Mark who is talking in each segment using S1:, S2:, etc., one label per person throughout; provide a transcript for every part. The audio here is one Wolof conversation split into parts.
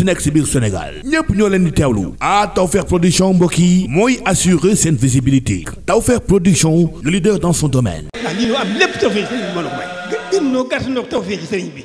S1: mënti nekk si biir Sénégal ñépp ñoo leen di teewlu ah Tawfekh production mbokk yi mooy assurer seen visibilité Tawfekh production le leader dans son domaine.
S2: ah lii ñu am lépp Tawfekh sëriñ bi mën a noo gàtt noo Tawfekh bi.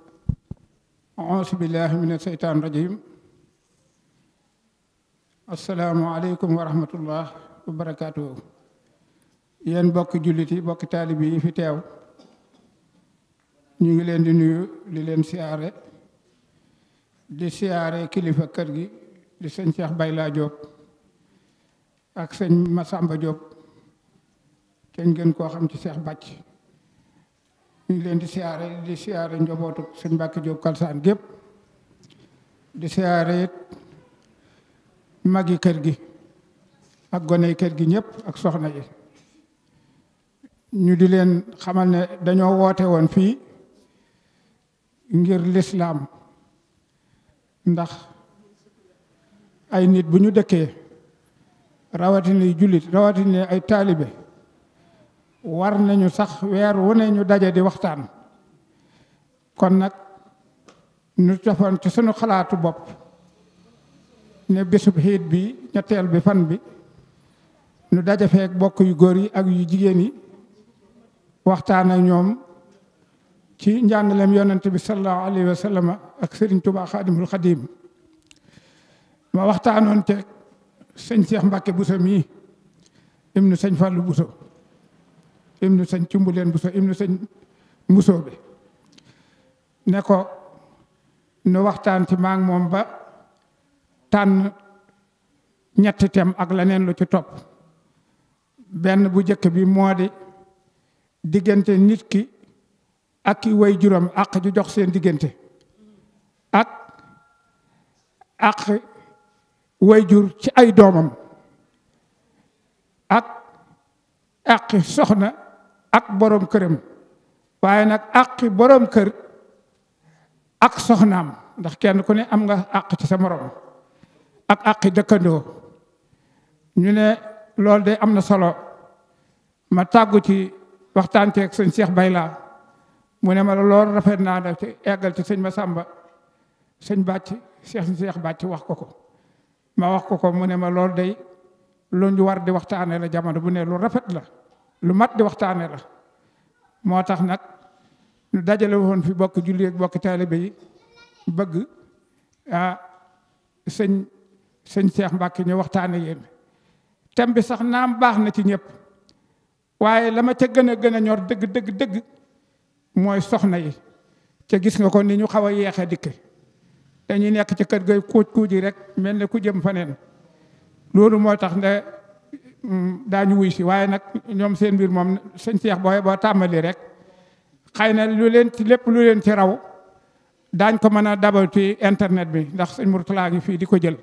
S3: auzu billaahi mina seytaani rajiim assalaamu aleykum wa rahmatullah wa barakaatu yéen bokki jullit yi bokki taalib yi fi teew ñu ngi leen di nuyu di leen siyaare di siyaare kilifa kër gi di sëñ Cheikh Bayla Diop ak sëñ Masamba Diop kenn gën koo xam ci Cheikh Bàcc ñu leen di siyaare di siyaare njobootu sëñ Mbàkke Jóob Kalsaan gépp magi kër gi ak goney kër gi ñëpp ak soxna yi ñu di leen xamal ne dañoo woote woon fii ngir lislaam ndax ay nit bu ñu dëkkee rawatini jullit rawatina ay taalibe war nañu sax weer wu ñu daje di waxtaan kon nag ñu defoon ci sunu xalaatu bopp ne bésub xeet bi ñetteel bi fan bi nu daje feek bokk yu góor yi ak yu jigéen yi waxtaan ak ñoom ci njàngaleem yonent bi sallallahu alayhi wa sallam ak Serigne Touba Xaadimul Xadim ma waxtaanoon teeg sëñ Cheikh Mbacke Bousso mii ibnu sëñ Fallou Bousso ibnu sëñ cumbuleen bu so ibnu sëñ musoo bi ne ko nu waxtaan ci maa moom ba tànn ñetti tem ak leneen lu ci topp benn bu jëkk bi moo di diggante nit ki ak ki way juróom ak ju jox seen diggante ak ak way jur ci ay doomam ak ak soxna ak borom këram waaye nag àqi borom kër ak soxnaam ndax kenn ku ne am nga àq ci sa morom ak àqi dëkkandoo ñu ne loolu de am na solo ma tàggu ci waxtaan ceeg sëñ Cheikh Bayla mu ne ma loolu rafet naa da ci eggal ci sëñ Massamba sëñ Bàcc Cheikh Cheikh Bàcc wax ko ko ma wax ko ko mu ne ma lool day lu ñu war di waxtaane la jamono bu ne lu rafet la lu mat di waxtaane ra moo tax nag ñu dajale woon fi bokk julli ak bokk taalibe yi bëgg ah sëñ sëñ Cheikh Mbacke ñu waxtaane yéen thème sax naam baax na ci ñëpp waaye la ca gën a gën a ñor dëgg dëgg dëgg mooy soxna yi ca gis nga ko ni ñu xaw a yeexe dikk dañuy nekk ci kër gay kuuj kuuj yi rek mel ne ku jëm faneen loolu moo tax ne daañu wuy si waaye nag ñoom seen mbir moom sëñ Seex booy boo tàmbali rek xëy na lu leen ci lépp lu leen ci raw daañ ko mën a dabal ci internet bi ndax sëñ Murtala ngi fii di ko jël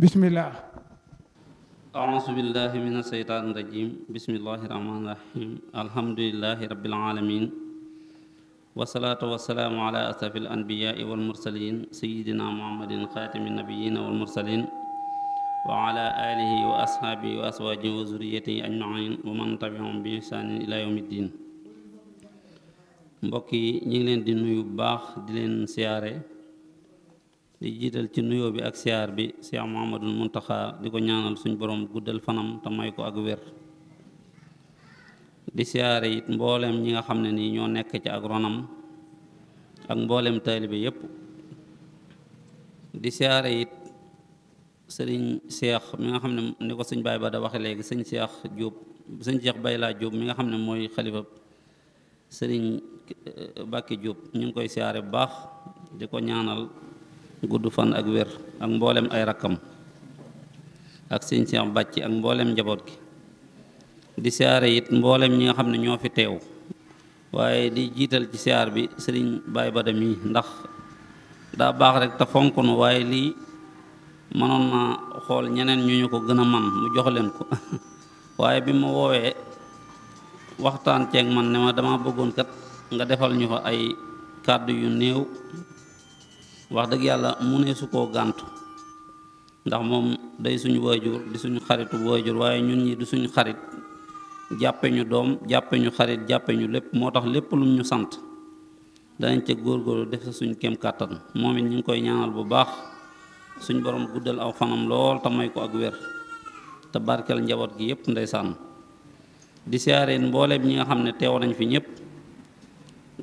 S3: bismillah
S4: aousu billahi min asheytaan irajim bismillahi rahmaani rahim alhamdulilahi rabbil alamin wasalaatu wasalaamu ala ashrafil anbiyaai wa ala alihi wa ashaabihi wa aswaajihi wa zurriyatihi ajmain wa man bi ihsaanin ila yawmi ddin mbokk yi ñu ngi leen di nuyu bu baax di leen siyaare di jiital ci nuyoo bi ak siyaar bi Cheikh Muhammadul Muntaxa di ko ñaanal suñ boroom guddal fanam te may ko ak wér di siyaare it mbooleem ñi nga xam ne nii ñoo nekk ci ak ronam ak mbooleem taalibe yépp di siyaare it sëriñ Cheikh mi nga xam ne ni ko sëñ Baye ba da waxe léegi sëñ Cheikh Diop sëñ Cheikh Baye laa Diop mi nga xam ne mooy xalifa sëriñ eh, Bakki Diop ñu ngi koy siyaare bu baax di ko ñaanal gudd fan ak wér ak mboolem ay rakkam ak sëñ Cheikh Bàcci ak mboolem njaboot gi di siyaare it mboolem ñi nga xam ne ñoo fi teew waaye di jiital ci siyaar bi sëriñ Baye Bada mi ndax daa baax rek te fonk nu waaye lii mënoon naa xool ñeneen ñu ñu ko gën a man mu jox leen ko waaye bi ma woowee waxtaan ceeg man ne ma dama bëggoon kat nga defal ñu fa ay kàddu yu néew wax dëgg yàlla mu ne su koo gàntu ndax moom day suñu waajur di suñu xaritu waajur waaye ñun ñi du suñu xarit jàppe ñu doom jàppe ñu xarit jàppe ñu lépp moo tax lépp lu ñu sant danañ góor góorgóorlu def sa suñu kem kàttan moom it ñu koy ñaanal bu baax suñ borom guddal aw fanam lool te may ko ak wér te barkeel njaboot gi yëpp ndeysaan di siyaareen mbooleem ñi nga xam ne teew nañ fi ñëpp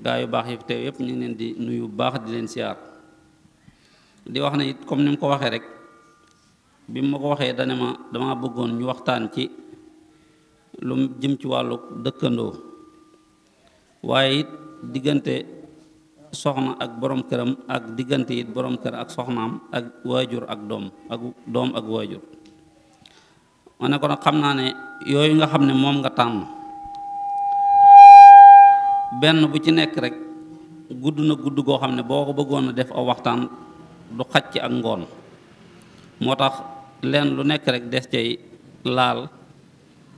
S4: gaa yu baax yi teew yëpp ñu ngi leen di nuyu baax di leen siyaar di wax na it comme ni mu ko waxee rek bi mu ma ko waxee dana ma dama bëggoon ñu waxtaan ci lu jëm ci wàllu dëkkandoo waaye it diggante soxna ak boroom këram ak diggante it boroom kër ak soxnaam ak waajur ak doom ak doom ak waajur ma ne ko xam naa ne yooyu nga xam ne moom nga tànn benn bu ci nekk rek gudd na gudd goo xam ne boo ko bëggoon a def a waxtaan du xaj ci ak ngoon moo tax leen lu nekk rek des cay laal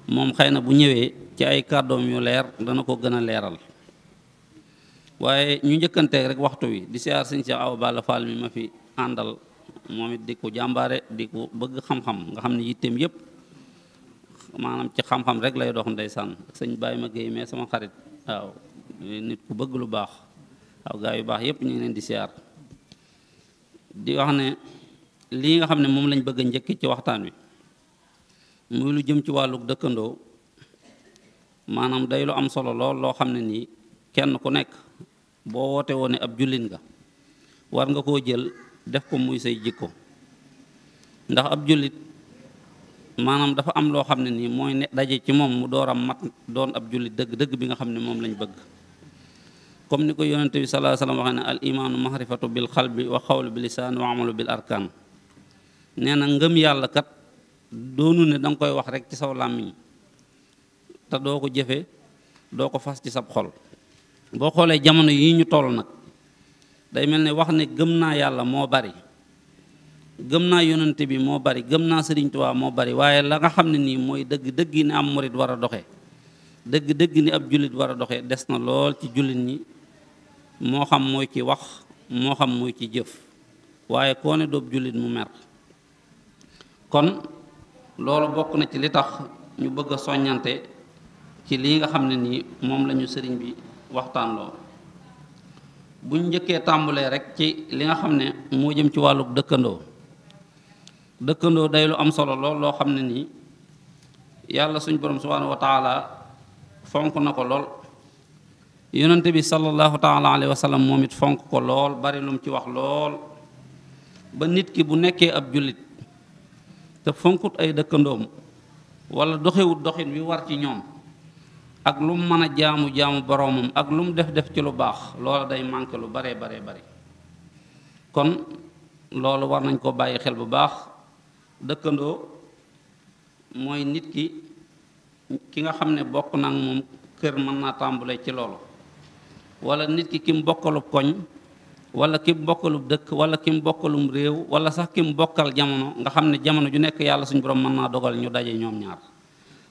S4: moom xëy na bu ñëwee ci ay kàddoom yu leer dana ko gën a leeral waaye ñu njëkkanteeg rek waxtu wi di siyaar sëñ Cheikh aw Balla Fall mi ma fi àndal moom it di ko jàmbaare di ko bëgg xam-xam nga xam ne yitteem yëpp maanaam ci xam-xam rek lay dox ndeysaan sëñ Baye ma Guèye mais sama xarit waaw nit ku bëgg lu baax waaw gaa yu baax yëpp ñu ngi leen di siyaar di wax ne lii nga xam ne moom lañ bëgg a njëkk ci waxtaan wi muy lu jëm ci wàllu dëkkandoo maanaam day lu am solo lool loo xam ne nii kenn ku nekk. boo woote woon ne ab jullit nga war nga koo jël def ko muy say jikko ndax ab jullit maanaam dafa am loo xam ne nii mooy ne daje ci moom mu dooram a mat doon ab jullit dëgg dëgg bi nga xam ne moom lañ bëgg comme ni ko yonente bi sallallahu alayhi wasallam waxee ne al imaanu mahrifatu bil xalbi wa xawlu bi lisaan wa amalu bil arkaan nee na ngëm yàlla kat doonu ne danga koy wax rek ci saw làmmiñ te doo ko jëfe doo ko fas ci sab xol boo xoolee jamono yi ñu toll nag day mel ni wax ne gëm naa yàlla moo bari gëm naa yonante bi moo bari gëm naa Sëriñ moo bari waaye la nga xam ne nii mooy dëgg dëgg ni am murit war a doxee dëgg dëgg ni ab jullit war a doxee des na lool ci jullit ñi moo xam mooy ci wax moo xam mooy ci jëf waaye koo ne doob jullit mu mer kon loolu bokk na ci li tax ñu bëgg a soññante ci lii nga xam ne nii moom lañu sëriñ bi waxtaan loo bu njëkkee tàmbulee rek ci li nga xam ne moo jëm ci wàllu dëkkandoo dëkkandoo day lu am solo lool loo xam ne nii yàlla suñ borom subhaanahu wa fonk na ko lool yonente bi sallallahu taala alayhi wa sallam moom it fonk ko lool bari lum ci wax lool ba nit ki bu nekkee ab jullit te fonkut ay dëkkandoom walla doxewut doxin wi war ci ñoom ak lu mu mën a jaamu jaamu boroomam ak lu mu def def ci lu baax loola day manqué lu baree baree bari kon loolu war nañ ko bàyyi xel bu baax dëkkandoo mooy nit ki ki nga xam ne bokk na ak moom kër mën naa tàmbale ci loolu wala nit ki ki mu bokkalub koñ wala ki mu bokkalub dëkk wala ki mu bokkalum réew wala sax ki mu bokkal jamono nga xam ne jamono ju nekk yàlla suñu borom mën naa dogal ñu daje ñoom ñaar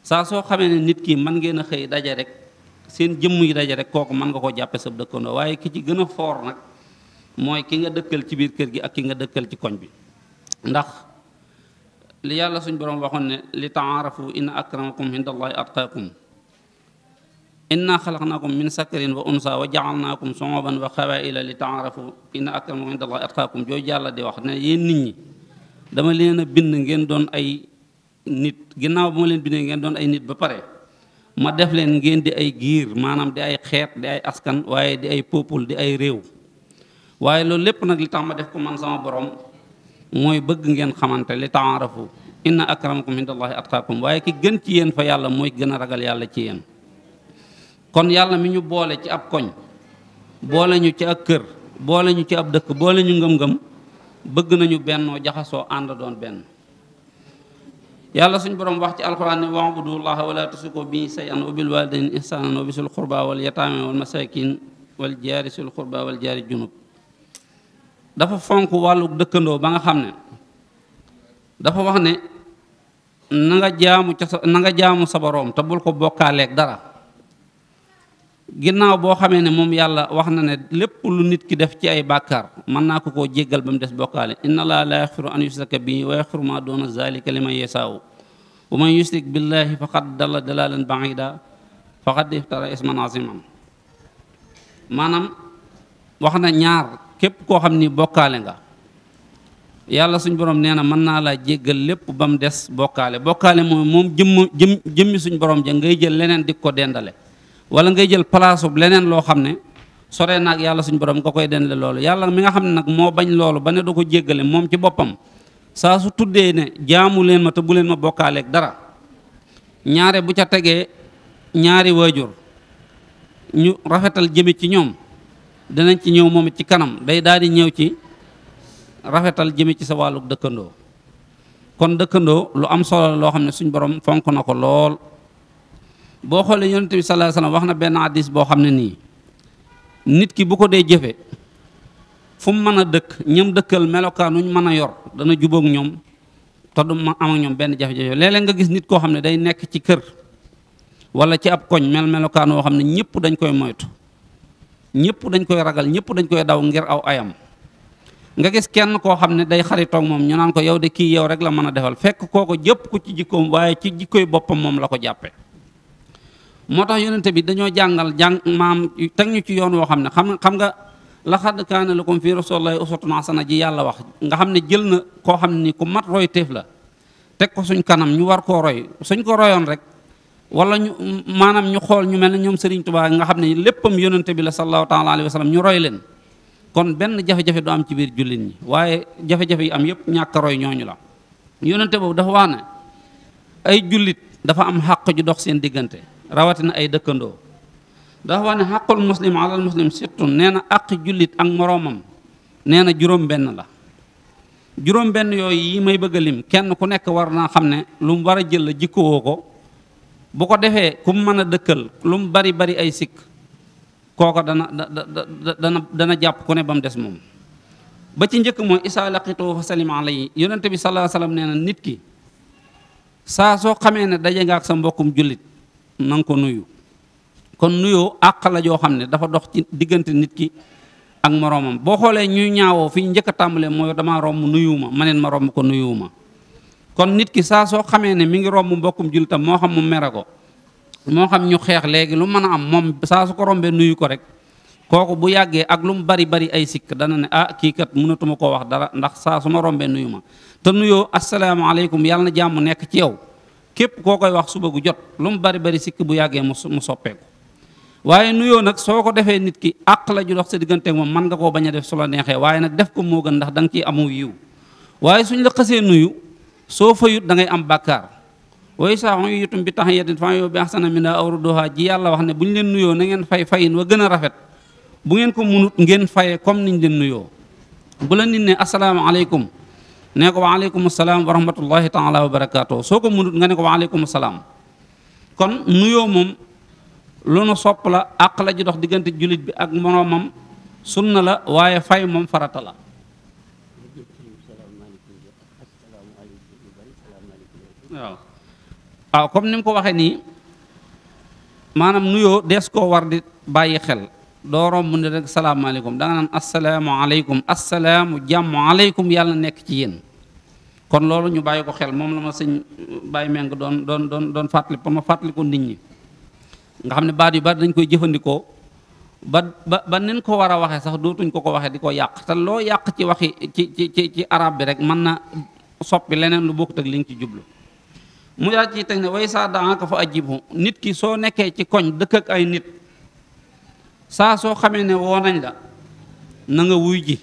S4: saa soo xamee ne nit kii man ngeen a xëy daje rek seen jëmm yi daje rek kooku mën nga ko jàppe sa dëkkandoo waaye ki ci gën a foor nag mooy ki nga dëkkal ci biir kër gi ak ki nga dëkkal ci koñ bi ndax li yàlla suñ borom waxoon ne li taarafu inna akramakum indallahi atqaakum inna xalaqnaakum min sakarin wa unsa wa jaalnaakum somoban wa xawaila li taarafu inna akramakum indallahi atqaakum jooju yàlla di wax ne yéen nit ñi dama leen a bind ngeen doon ay nit ginnaaw ba ma leen bindee ngeen doon ay nit ba pare ma def leen ngeen di ay giir maanaam di ay xeet di ay askan waaye di ay peuple di ay réew waaye loolu lépp nag li tax ma def ko man sama borom mooy bëgg ngeen xamante li taarafu inna akramakum indallahi atqaakum waaye ki gën ci yéen fa yàlla mooy gën a ragal yàlla ci yéen kon yàlla mi ñu boole ci ab koñ boole ñu ci ak kër boole ñu ci ab dëkk boole ñu ngëm-ngëm bëgg nañu bennoo jaxasoo ànd doon benn yàlla suñ borom wax ci alquran ne wa'budu llaha wala tusiku bi shay'an wa bil walidayni ihsanan wa bisil wal yataame wal masakin wal jaari sil qurba wal jaari junub dafa fonk wàllu dëkkandoo ba nga xam ne dafa wax ne na nga jaamu ca na nga jaamu sa boroom te bul ko bokkaaleeg dara ginnaaw boo xamee ne moom yàlla wax na ne lépp lu nit ki def ci ay bàkkaar mën naa ko koo jéggal ba mu des bokkaale inna laa la yaxfiru an yusraka bi wa yaxfiru ma doona zalika liman yasaawu wa man yusrik billahi faqad dalla dalalan baida faqad iftara isman aziman maanaam wax na ñaar képp koo xam ni bokkaale nga yàlla suñ borom nee na mën naa laa jéggal lépp ba mu des bokkaale bokkaale mooy moom jëmm jëm jëmmi suñ borom ja ngay jël leneen di ko dendale wala ngay jël palaasu leneen loo xam ne sore naag yàlla suñu borom nga koy dende loolu yàlla mi nga xam ne nag moo bañ loolu ba ne du ko jéggale moom ci boppam saa su tuddee ne jaamu leen ma te bu leen ma bokkaaleek dara ñaare bu ca tegee ñaari waajur ñu rafetal jëme ci ñoom danañ ci ñëw moom ci kanam day daal di ñëw ci rafetal jëme ci sa wàlluk dëkkandoo kon dëkkandoo lu am solo loo xam ne suñ borom fonk na ko lool boo xoolee yonent bi sallallahu wax na benn hadis boo xam ne nii nit ki bu ko dee jëfe fu mu mën a dëkk ñam dëkkal melokaanu ñu mën a yor dana jubook ñoom te du ma am ñoom benn jafe-jafe léeg nga gis nit koo xam ne day nekk ci kër wala ci ab koñ mel melokaan woo xam ne ñëpp dañ koy moytu ñëpp dañ koy ragal ñëpp dañ koy daw ngir aw ayam nga gis kenn koo xam ne day xaritoog moom ñu naan ko yow de kii yow rek la mën a defal fekk kooko jëpp ku ci jikkoom waaye ci jikkoy boppam moom la ko jàppe moo tax yonente bi dañoo jàngal jàng maam teg ñu ci yoon woo xam ne xam xam nga laqad kaana lakum fi rasulillahi uswatun hasana ji yàlla wax nga xam ne jël na koo xam ni ku mat roy teef la teg ko suñ kanam ñu war koo roy suñ ko royoon rek wala ñu maanaam ñu xool ñu mel ne ñoom Serigne Touba nga xam ne léppam yonente bi la sallallahu taala alayhi wa sallam ñu roy leen kon benn jafe-jafe du am ci biir jullit ñi waaye jafe-jafe yi am yëpp ñàkk roy ñooñu la yonente boobu dafa wax ay jullit dafa am xàq ju dox seen diggante rawatina ay dëkkandoo dafa wax ne xaqul muslim alal muslim surtout nee na àq jullit ak moroomam nee na juróom-benn la juróom-benn yooyu yi may bëgg a lim kenn ku nekk war naa xam ne lu mu war a jël la jikkowoo ko bu ko defee ku mu mën a dëkkal lu mu bari bari ay sikk kooko dana dana dana jàpp ku ne ba mu des moom ba ci njëkk mooy isaa laqitu fa salim alayhi yonente bi salaa nee na nit ki saa soo xamee ne daje nga ak sa mbokkum jullit na nga ko nuyu kon nuyoo àq la joo xam ne dafa dox ci diggante nit ki ak moroomam boo xoolee ñuy ñaawoo fi njëkk a tàmbalee dama damaa romb nuyuwuma maneen ma romb ko ma kon nit ki saa soo xamee ne mi ngi romb mbokkum jullitam moo xam mu mere ko moo xam ñu xeex léegi lu mën a am moom saa su ko rombee nuyu ko rek kooku bu yàggee ak lu mu bari bari ay sikk dana ne ah kii kat mënatuma koo wax dara ndax saa su ma rombee nuyu ma te nuyoo asalaamaaleykum yàlla na jàmm nekk ci yow képp koo koy wax suba gu jot lu mu bari bari sikk bu yàggee mu soppeeku waaye nuyoo nag soo ko defee nit ki àq la ju sa digganteek moom mën nga koo bañ a def su la neexee waaye nag def ko moo gën ndax da nga ciy amu yiw waaye suñ la xasee nuyu soo fayut da ngay am bàkkaar waaye saa on yutum bi tax yetin fan yow bi ahsana mina aw rudduha ji yàlla wax ne bu ñu leen nuyoo na ngeen fay fayin wa gën a rafet bu ngeen ko munut ngeen fayee comme niñ leen nuyoo bu la nit ne asalaamaaleykum ne ko waaleykum salaam wa rahmatullahi taala wa barakaatu soo ko mënut nga ne ko waaleykum salaam kon nuyoo moom lu nu sopp la àq la ji dox diggante jullit bi ak moroomam sunna la waaye fay moom farata la waaw waaw ah, comme ni mu ko waxee nii maanaam nuyoo dees koo war di bàyyi xel doo romb ne rek salaamaaleykum da nga naan asalaamaaleykum asalaamu jàmm aleykum yàlla nekk ci yéen kon loolu ñu bàyyi ko xel moom la ma sëñ bàyyi meng doon doon doon doon fàttali pour ma fàttali ko nit ñi nga xam ne baat yu bari dañ koy jëfandikoo ba ba ba nen ko war a waxee sax dootuñ ko ko waxee di ko yàq te loo yàq ci waxi ci ci ci ci arab bi rek mën na soppi leneen lu bokkut ak li nga ci jublu mu ci teg ne way saa daanaka fa nit ki soo nekkee ci koñ dëkk ak ay nit saa soo xamee ne woo nañ la nanga wuy ji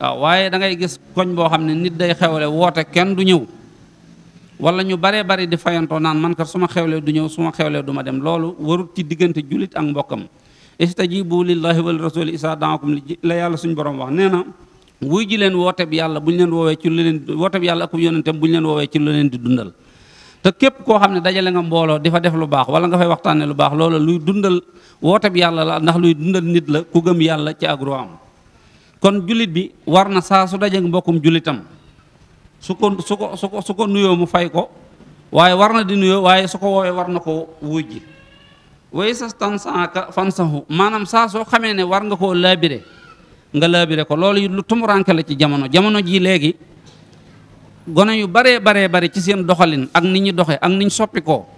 S4: waaw waaye da ngay gis koñ boo xam ne nit day xewle woote kenn du ñëw wala ñu baree bari di fayantoo naan man kat su xewlee du ñëw suma ma xewlee du dem loolu warut ci diggante jullit ak mbokkam istajibu lillahi wal rasuli isa daakum li la yàlla suñ borom wax nee na wuy ji leen woote yàlla bu ñu leen woowee ci lu leen woote bi yàlla ak yonentam bu ñu leen woowee ci lu leen di dundal te képp koo xam ne dajale nga mbooloo di fa def lu baax wala nga fay waxtaanee lu baax loola luy dundal woote yàlla la ndax luy dundal nit la ku gëm yàlla ci agro am kon julit bi war na saa su dajeeg mbokkum julitam su ko su ko su ko nuyoo mu fay ko waaye war na di nuyoo waaye su ko woowee war na ko wujji way sa tansaaka fansahu maanaam saa soo xamee ne war nga koo laabire nga laabire ko loolu lu tumuranke la ci jamono jamono jii léegi gone yu baree baree bari ci seen doxalin ak ni ñu doxe ak ni ñu soppi ko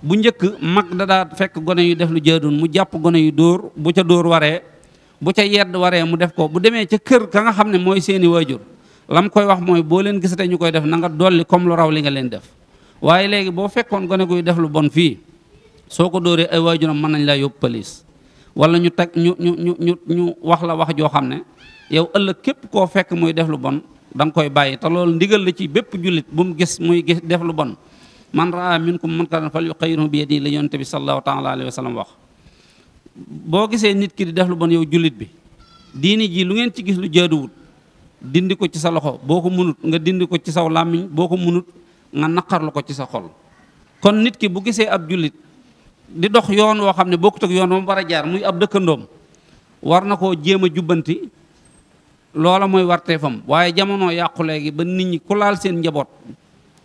S4: bu njëkk mag da daa fekk gone yu def lu jaaduwul mu jàpp gone yu dóor bu ca dóor waree bu ca yedd waree mu def ko bu demee ca kër ka nga xam ne mooy seeni waajur lam koy wax mooy boo leen gisatee ñu koy def nanga nga dolli comme lu raw li nga leen def waaye léegi boo fekkoon gone guy def lu bon fii soo ko dóoree ay waajuram mën nañ laa yóbbu police wala ñu teg ñu ñu ñu ñu wax la wax joo xam ne yow ëllëg képp koo fekk muy def lu bon da koy bàyyi te loolu ndigal la ci bépp jullit bu mu gis muy gis def lu bon man raa minkum munkaran falyughayyirhu bi yadihi la yonent bi sallallahu taala alayhi wa sallam wax boo gisee nit ki di def lu bon yow jullit bi diini ji lu ngeen ci gis lu jaaduwut dindi ko ci sa loxo boo ko munut nga dindi ko ci saw làmmiñ boo ko munut nga naqarlu ko ci sa xol kon nit ki bu gisee ab jullit di dox yoon woo xam ne boo ko teg yoon ba mu war a jaar muy ab dëkkandoom war na koo jéem a jubbanti loola mooy warteefam waaye jamono yàqu léegi ba nit ñi ku laal seen njaboot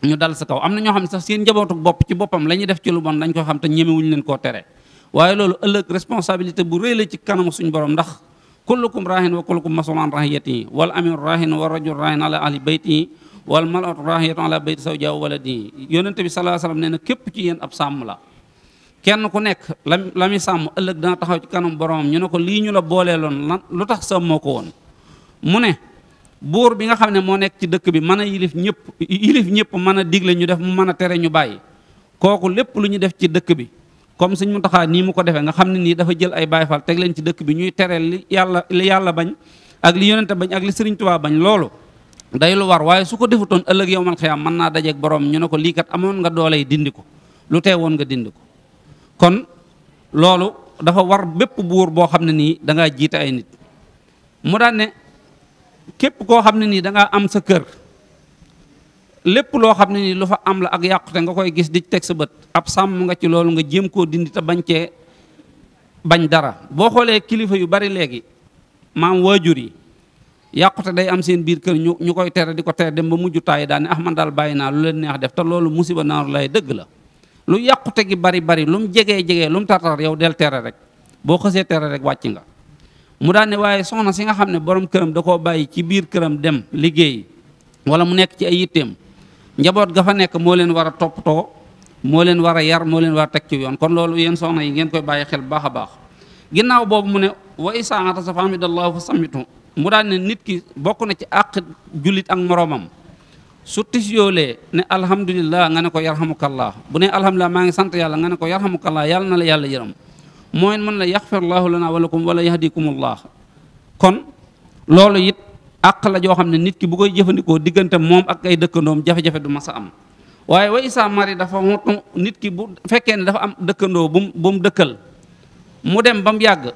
S4: ñu dal sa kaw am na ñoo xam ne sax seen njabootuk bopp ci boppam la ñuy def ci lu bon dañ ko xam te ñemewuñu leen koo tere waaye loolu ëllëg responsabilité bu rëy la ci kanamu suñu borom ndax kullukum raahin wa kullukum mas'uulun an ra'iyyatihi wal amiru raahin wa rajul raahin ala ahli yi wal mal'atu raa'iyatun ala bayti zawjiha wa di yonente bi sallallahu alayhi wasallam nee na képp ci yéen ab sàmm la kenn ku nekk la la sàmm ëllëg dana ci kanam boromam ñu ne ko lii ñu la booleeloon lan lu tax sàmmoo ko woon mu ne buur bi nga xam ne moo nekk ci dëkk bi mën a yilif ñëpp yilif ñëpp mën a digle ñu def mu mën a tere ñu bàyyi kooku lépp lu ñu def ci dëkk bi comme suñ mu taxaa nii mu ko defee nga xam ne nii dafa jël ay Baay Faal teg leen ci dëkk bi ñuy tere li yàlla li yàlla bañ ak li yonente bañ ak li Sëriñ Tuubaa bañ loolu day lu war waaye su ko defutoon ëllëg yowmal xiyaam mën naa dajeeg borom ñu ne ko lii kat amoon nga doole yi dindi ko lu tee woon nga dindi ko kon loolu dafa war bépp buur boo xam ne nii da ngaa ay nit képp koo xam ne nii dangaa am sa kër lépp loo xam ne nii lu fa am la ak yàqute nga koy gis di teg sa bët ab sàmm nga ci loolu nga jéem koo dindi te bañ cee bañ dara boo xoolee kilifa yu bari léegi maam waajur yi yàqute day am seen biir kër ñu ñu koy tere di ko tere dem ba mujj taay daal daane ah man daal bàyyi naa lu leen neex def te loolu musiba naaru lay dëgg la lu yàqute gi bari bari lu mu jegee jegee lu mu tartar yow del tere rek boo xësee tere rek wàcc nga mu daal ne waaye soxna si nga xam ne borom këram da koo bàyyi ci biir këram dem liggéey wala mu nekk ci ay yitteem njaboot ga fa nekk moo leen war a toppatoo moo leen war a yar moo leen war a teg ci yoon kon loolu yéen soxna yi ngeen koy bàyyi xel baax a baax ginnaaw boobu mu ne wa isaata sa famidallaahu fa samitu mu daal ne nit ki bokk na ci àq jullit ak moroomam su tis yoolee ne alhamdulillah nga ne ko yarhamukallah bu ne alhamdulillah maa ngi sant yàlla nga ne ko yarhamukallah yàlla na la yàlla yërëm mooy mën la yaxfir laahu lana walakum wala yahdikumullah kon loolu it àq la joo xam ne nit ki bu koy jëfandikoo diggante moom ak ay dëkkandoom jafe-jafe du mas a am waaye wa isa mari dafa mu nit ki bu fekkee ne dafa am dëkkandoo bu bu mu dëkkal mu dem ba mu yàgg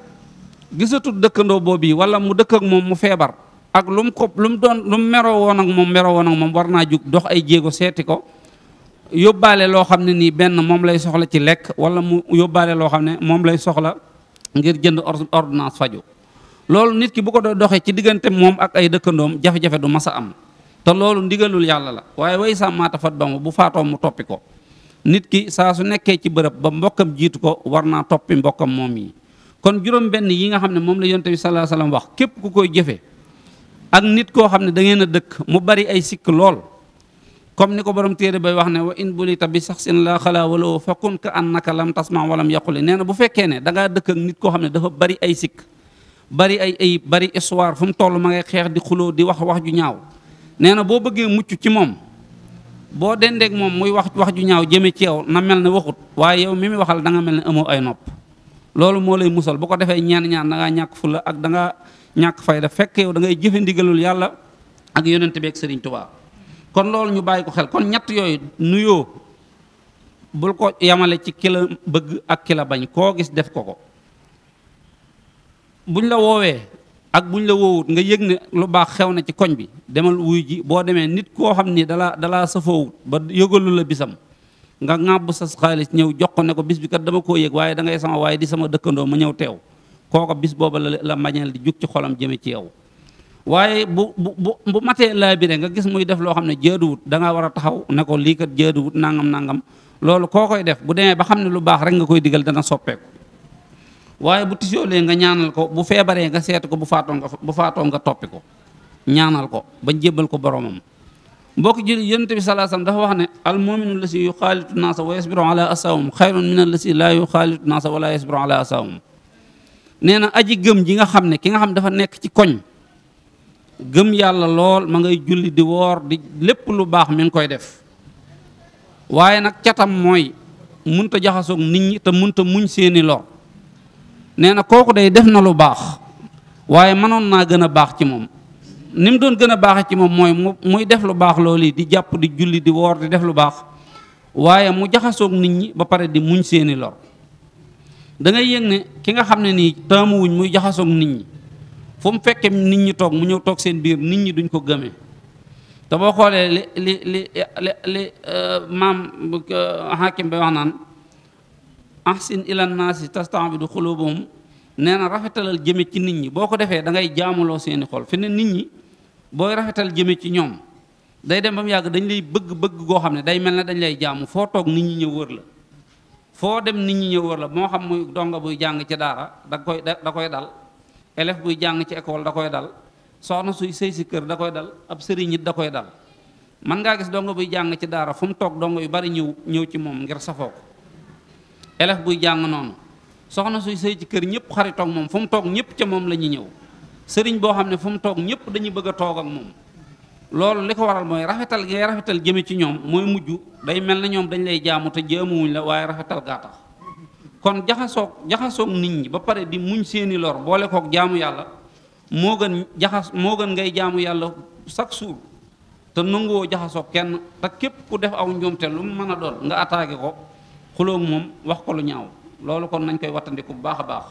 S4: gisatul dëkkandoo boobu wala mu dëkk ak moom mu feebar ak lu mu ko lu mu doon lu mu meroo woon moom meroo woon moom war naa jug dox ay jéego seeti ko yóbbaale loo xam ne nii benn moom lay soxla ci lekk wala mu yóbbaale loo xam ne moom lay soxla ngir jënd ordonnance faju loolu nit ki bu ko doxee ci diggante moom ak ay dëkkandoom jafe-jafe du mas a am te loolu ndigalul yàlla la waaye way sa maata fat dong bu faatoo mu toppi ko nit ki saa su nekkee ci bërëb ba mbokkam jiitu ko war naa toppi mbokkam moom yi kon juróom benn yi nga xam ne moom la yonte bi sallallahu alayhi wasallam wax képp ku koy jëfe ak nit koo xam ne da ngeen a dëkk mu bari ay sikk lool comme ni ko borom téere bay wax ne wa in bulita bi sax sin la xalaa wala fa kun ka naka lam tasma walam yaquli nee na bu fekkee ne da ngaa dëkk ak nit ko xam ne dafa bari ay sikk bari ay ay bari histoire fu mu toll ma ngay xeex di xuloo di wax wax ju ñaaw nee na boo bëggee mucc ci moom boo dendeek moom muy wax wax ju ñaaw jëme ci na mel ne waxut waaye yow mi muy waxal danga mel ne amoo ay nopp loolu moo lay musal bu ko defee ñaan ñaan da ngaa ñàkk fulla ak da ngaa ñàkk fayda fekk yow da ngay jëfe yàlla ak yonent bi ak kon loolu ñu bàyyi ko xel kon ñett yooyu nuyoo bul ko yamale ci ki la bëgg ak ki bañ koo gis def ko ko buñ la woowee ak buñ la woowut nga yëg ne lu baax xew na ci koñ bi demal wuy ji boo demee nit koo xam ni dala dalaa safoowut ba yëgalu la bisam nga ŋàbb sa xaalis ñëw jox ko ne ko bis bi kat dama koo yëg waaye da ngay sama waaye di sama dëkkandoo ma ñëw teew kooko bis booba la la mañeel di jug ci xolam jëme ci yow waaye bu bu bu matee laabire nga gis muy def loo xam ne jaaduwut da ngaa war a taxaw ne ko lii kat jaaduwut nangam nangam loolu koo koy def bu demee ba xam ne lu baax rek nga koy digal dana soppeeku. waaye bu tisoolee nga ñaanal ko bu feebaree nga seet ko bu faatoo nga bu faatoo nga toppi ko ñaanal ko ba jébbal ko boromam. mbokk jullit yonent bi sallallahu alayhi wasallam dafa wax ne al mu'minu allasi yuxaalitu naasa wa yasbiru ala asawum xayrun min allasi laa yuxaalitu naasa walla yasbiru ala asawum nee na aji gëm ji nga xam ne ki nga xam dafa nekk ci koñ gëm yàlla lool ma ngay julli di woor di lépp lu baax mi ngi koy def waaye nag catam mooy munta jaxasoog nit ñi te munta muñ seeni lor nee na kooku day def na lu baax waaye mënoon naa gën a baax ci moom ni mu doon gën a baaxe ci moom mooy mu muy def lu baax loolu yi di jàpp di julli di woor di def lu baax waaye mu jaxasook nit ñi ba pare di muñ seeni lor da yëg ne ki nga xam ne nii taamuwuñ muy jaxasook nit ñi fu mu fekkee nit ñi toog mu ñëw toog seen biir nit ñi duñ ko gëme te boo xoolee li li li li li euh, maam euh, hakim bi wax naan ahsin ilan naasi tastabidu xulubuhum nee na rafetalal jëme ci nit ñi boo ko defee da ngay jaamuloo seeni xol fi ne nit ñi booy rafetal jëme ci ñoom day dem ba mu yàgg dañ lay bëgg-bëgg goo xam ne day mel ne dañ lay jaamu foo toog nit ñi ñëw wër la foo dem nit ñi ñëw wër la moo xam muy donga buy jàng ci daara da koy da koy dal élève buy jàng ci école da koy dal soxna suy sëy si kër da koy dal ab sëriñ it da koy dal man ngaa gis dongo buy jàng ci daara fu mu toog dongo yu bari ñëw ñëw ci moom ngir safoo ko élève buy jàng noonu soxna suy sëy ci kër ñëpp xaritoog moom fu mu toog ñëpp ca moom la ñuy ñëw sëriñ boo xam ne fu mu toog ñëpp dañuy bëgg a toog ak moom loolu li ko waral mooy rafetal ngay rafetal jëme ci ñoom mooy mujj day mel na ñoom dañ lay jaamu te jaamuwuñ la waaye rafetal gaa kon jaxasoog jaxasoog nit ñi ba pare di muñ seeni lor boole koog jaamu yàlla moo gën jaxas moo gën ngay jaamu yàlla chaque jour te nanguwoo jaxasoog kenn te képp ku def aw njuumte lu mu a doon nga attaqué ko xulóog moom wax ko lu ñaaw loolu kon nañ koy wattandiku bu baax a baax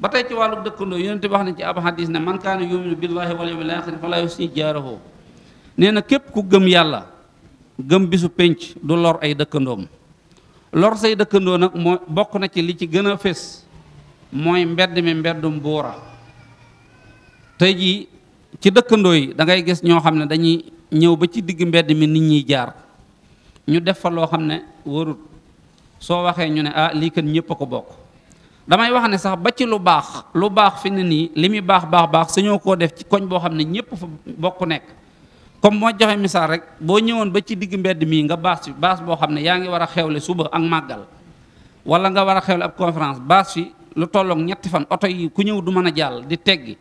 S4: ba tey ci wàllu dëkkandoo yonente wax nañ ci ab hadis ne man kaana yuminu billahi wal yawmil axir fala yusi jaarahoo nee na képp ku gëm yàlla gëm bisu pénc du lor ay dëkkandoom lor say dëkkandoo nag moo bokk na ci li ci gën a fés mooy mbedd mi mbeddum buura tey jii ci dëkkandoo yi dangay gis ñoo xam ne dañuy ñëw ba ci digg mbedd mi nit ñiy jaar ñu def fa loo xam ne warut soo waxee ñu ne ah lii kan ñëpp a ko bokk damay wax ne sax ba ci lu baax lu baax fi ne nii li muy baax baax baax su ñoo koo def ci koñ boo xam ne ñëpp fa bokk nekk comme moo joxe misaal rek boo ñëwoon ba ci digg mbedd mii nga baas fi baas boo xam ne yaa ngi war a xewle suba ak màggal wala nga war a xewle ab conférence baas fi lu tollook ñetti fan oto yi ku ñëw du mën a jàll di teggi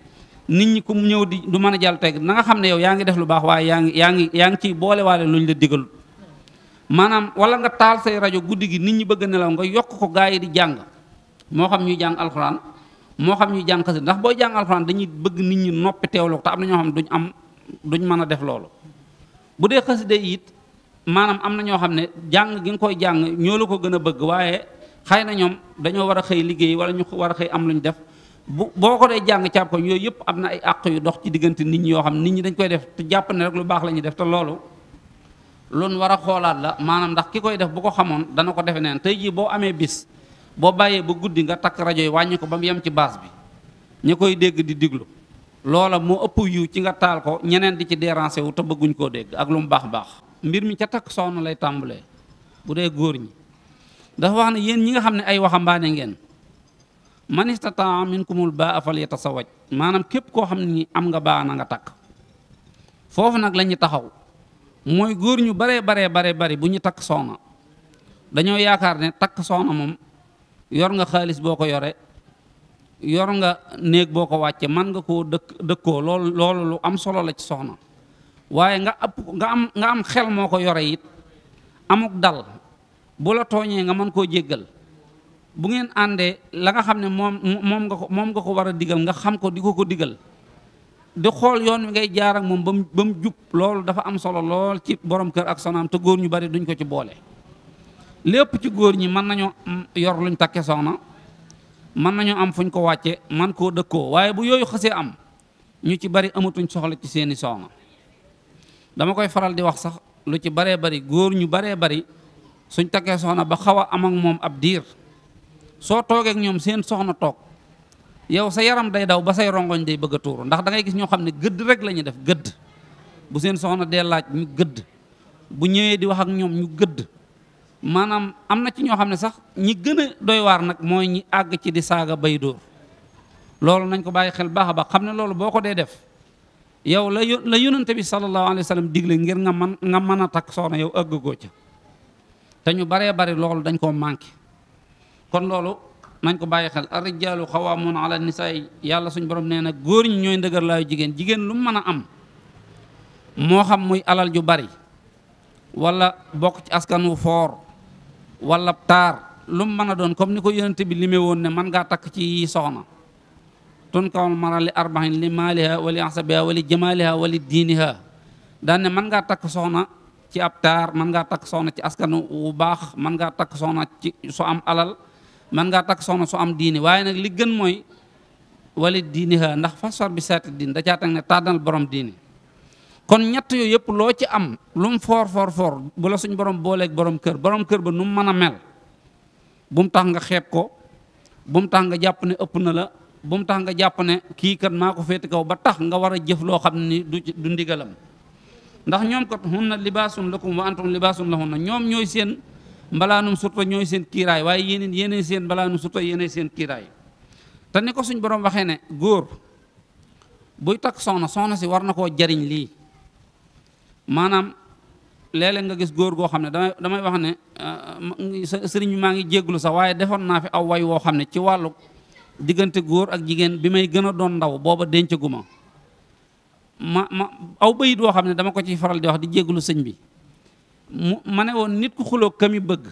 S4: nit ñi ku ñëw di du mën a jàll tegg na nga xam ne yow yaa ngi def lu baax waaye yaa ngi yaa ngi yaa ngi ciy boole waale luñ la digal maanaam wala nga taal say rajo guddi gi nit ñi bëgg nelaw nga yokk ko gaa yi di jàng moo xam ñuy jàng alxuraan moo xam ñuy jàng xasida ndax booy jàng alxuraan dañuy bëgg nit ñi noppi teewloo am na ñoo xam duñ am duñ mën a def loolu bu dee xasida it maanaam am na ñoo xam ne jàng gi nga koy jàng ñoo la ko gën a bëgg waaye xëy na ñoom dañoo war a xëy liggéey wala ñu war a xëy am lu ñu def bu boo ko dee jàng càpp ko yooyu yëpp am na ay àq yu ndox ci diggante nit ñi yoo xam nit ñi dañ koy def te jàpp ne rek lu baax la ñuy def te loolu loolu war a xoolaat la maanaam ndax ki koy def bu ko xamoon dana ko defe neen tey jii boo amee bis boo bàyyee ba guddi nga takk rajo yi wàññi ko ba mu ci baas bi ñi di diglu loola moo ëpp yu ci nga taal ko ñeneen di ci déranger wu te bëgguñ koo dégg ak lu mu baax baax mbir mi ca takk soxna lay tàmbalee bu dee góor ñi dafa wax ne yéen ñi nga xam ne ay waxambaane ngeen man istataa minkumul baa sa yatasawaj maanaam képp koo xam ni am nga baa na nga takk foofu nag lañuy taxaw mooy góor ñu baree baree bare bari bu ñu takk soxna dañoo yaakaar ne takk soxna moom yor nga xaalis boo ko yore yor nga néeg boo ko wàccee man nga koo dëkk dëkkoo loolu loolu lu am solo la ci soxna waaye nga ëpp nga am nga am xel moo ko yore it amuk dal bu la tooñee nga mën koo jéggal bu ngeen àndee la nga xam ne moom moom nga ko moom nga ko war a digal nga xam ko di ko ko digal di xool yoon wi ngay jaar moom ba mu ba jub loolu dafa am solo lool ci borom kër ak sonaam te góor ñu bari duñ ko ci boole lépp ci góor ñi mën nañoo mm, yor luñ takke soxna mën nañoo am fuñ ko wàcce man koo dëkkoo waaye bu yooyu xësee am ñu ci bari amatuñ soxla ci seeni soxna dama koy faral di wax sax lu ci baree bari góor ñu baree bari suñ takkee soxna ba xaw a am ak moom ab diir soo toogeek ñoom seen soxna toog yow sa yaram day daw ba say rongoñ day bëgg a tuuru ndax dangay gis ñoo xam ne gëdd rek la ñuy def gëdd bu seen soxna dee laaj ñu gëdd bu ñëwee di wax ak ñoom ñu gëdd maanaam am na ci ñoo xam ne sax ñi gën a doy waar nag mooy ñi àgg ci di saaga bay dóor loolu nañ ko bàyyi xel baax a baax xam ne loolu boo ko dee def yow la la yonante bi sallallahu alayhi wa sallam digle ngir nga man nga mën a takk soxna yow ëggagoo ca te baree bari loolu dañ koo manqué kon loolu nañ ko bàyyi xel arrijaalu xawaamun ala nisaay yàlla suñu borom nee nag góor ñi ñooy ndëgër laayu jigéen jigéen lu mën a am moo xam muy alal ju bari wala bokk ci askan wu foor wala taar lu mu mën a doon comme ni ko yonente bi limee woon ne mën ngaa takk ci soxna tunkawul mara li arbahin li maaliha wali asabiha wali jamaaliha wali diiniha daan ne mën ngaa takk soxna ci ab taar mën ngaa takk soxna ci askan wu baax mën ngaa takk soxna ci su am alal mën ngaa takk soxna su am diini waaye nag li gën mooy wali diiniha ndax fasfar bi seeti diin da caa teg ne tànnal borom diini kon ñett yooyu yëpp loo ci am lum foor foor foor bu la suñ borom booleek boroom kër borom kër ba nu mën a mel bu mu tax nga xeeb ko bu mu tax nga jàpp ne ëpp na la bu mu tax nga jàpp ne kii kat maa ko féete kaw ba tax nga war a jëf loo xam ni du du ndigalam ndax ñoom kat hunna libaasun lakum wa antum libaasun na ñoom ñooy seen mbalaanum surta ñooy seen kiiraay waaye yéen yéenay seen mbalaanum surta yeneen seen kiiraay te ni ko suñ boroom waxee ne góor buy takk soxna soxna si war na koo jariñ lii maanaam léeg nga gis góor goo xam ne damay damay wax ne euh, sëriñ bi maa ngi jégglu sax waaye defoon naa fi aw way woo xam ne ci wàllu diggante góor ak jigéen bi may gën a doon ndaw booba dencaguma ma ma ma aw bayit woo xam ne dama ko ciy faral di wax di jégglu sëñ bi mu ma ne woon nit ku xuloo kami bëgg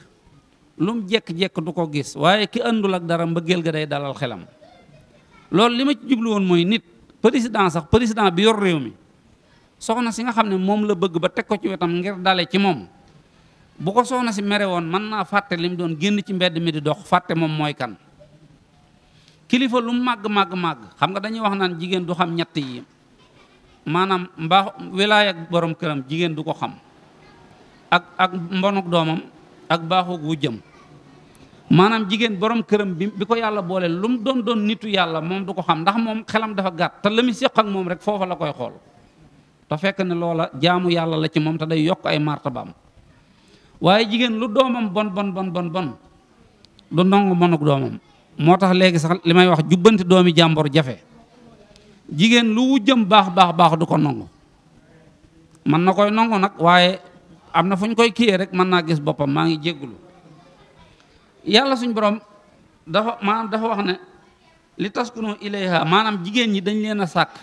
S4: lu mu jekk-jekk du ko gis waaye ki àndul ak dara mbëggeel ga day dalal xelam loolu li ma ci woon mooy nit président sax président bi yor réew mi soxna si nga xam ne moom la bëgg ba teg ko ci wetam ngir dale ci moom bu ko soxna si mere woon man naa fàtte li doon génn ci mbedd mi di dox fàtte moom mooy kan kilifa lu màgg màgg màgg xam nga dañuy wax naan jigéen du xam ñett yi maanaam mbaax wilaay borom këram jigéen du ko xam ak ak mbonuk doomam ak baaxug wujjam maanaam jigéen borom këram bi bi ko yàlla boole lu mu doon doon nitu yàlla moom du ko xam ndax moom xelam dafa gàtt te la mu séq ak moom rek foofa la koy xool te fekk ne loola jaamu yàlla la ci moom te day yokk ay martabaam waaye jigéen lu doomam bon bon bon bon bon du ndong mënuk doomam moo tax léegi sax li may wax jubbanti doomi jàmbor jafe jigéen lu wujjam baax baax baax du ko nongu man na koy nongu nag waaye am na fu ñu koy kiyee rek mën naa gis boppam maa ngi jéggulu yàlla suñ borom dafa maanaam dafa wax ne li taskunu ilayha maanaam jigéen ñi dañ leen a sàkk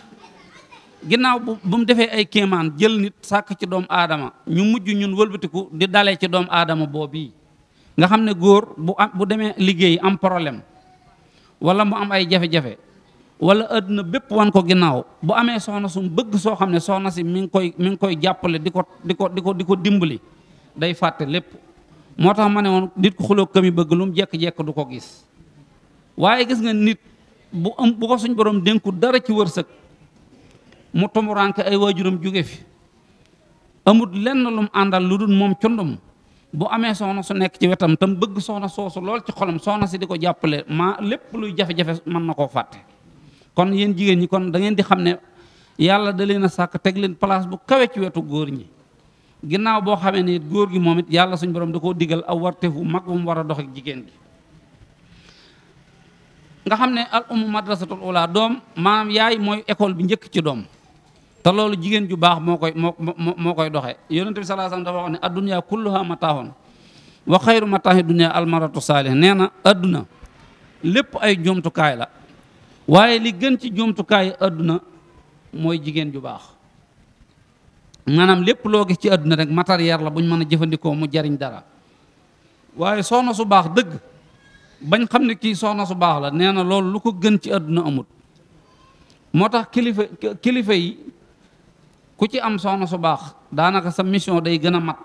S4: ginnaaw bu bu mu defee ay kéemaan jël nit sàkk ci doomu aadama ñu mujj ñun wëlbatiku di dalee ci doomu aadama boobu nga xam ne góor bu am bu demee liggéey am problème wala mu am ay jafe-jafe wala àdduna bépp wan ko ginnaaw bu amee soxna su bëgg soo xam ne soxna si mi ngi koy mi ngi koy jàppale di ko di ko di ko di ko dimbali day fàtte lépp moo tax ma ne woon nit ku xuloo yi bëgg lu mu jekk-jekk du ko gis waaye gis nga nit bu am bu ko suñ borom dénku dara ci wërsëg mu tumuranke ay waajuram jóge fi amut lenn lum àndal lu dul moom cundum bu amee soxna su nekk ci wetam tam bëgg soxna soosu lool ci xolam soxna si di ko jàppale maa lépp luy jafe-jafe mën na koo fàtte kon yéen jigéen ñi kon da ngeen di xam ne yàlla da leen a sàkk teg leen place bu kawe ci wetu góor ñi ginnaaw boo xamee ne góor gi moom it yàlla suñ borom da koo digal aw warte fu mag bu mu war a dox jigéen gi nga xam ne al umu madrasatul doom maanaam yaay mooy école bi njëkk ci doom te loolu jigéen ju baax moo koy moo koy doxe yonent bi sallallahu alayhi wasallam dafa wax ne addunya kulluha mataahun wa xayru mataahi dunya almaratu saalih nee na adduna lépp ay jumtukaay la waaye li gën ci jumtukaay àdduna mooy jigéen ju baax maanaam lépp loo gis ci àdduna rek matériel la buñ mën a jëfandikoo mu jariñ dara waaye soxna su baax dëgg bañ xam ne kii soxna su baax la nee na loolu lu ko gën ci àdduna amut moo tax kilifa kilifa yi ku ci am soxna su baax daanaka sa mission day gën a mat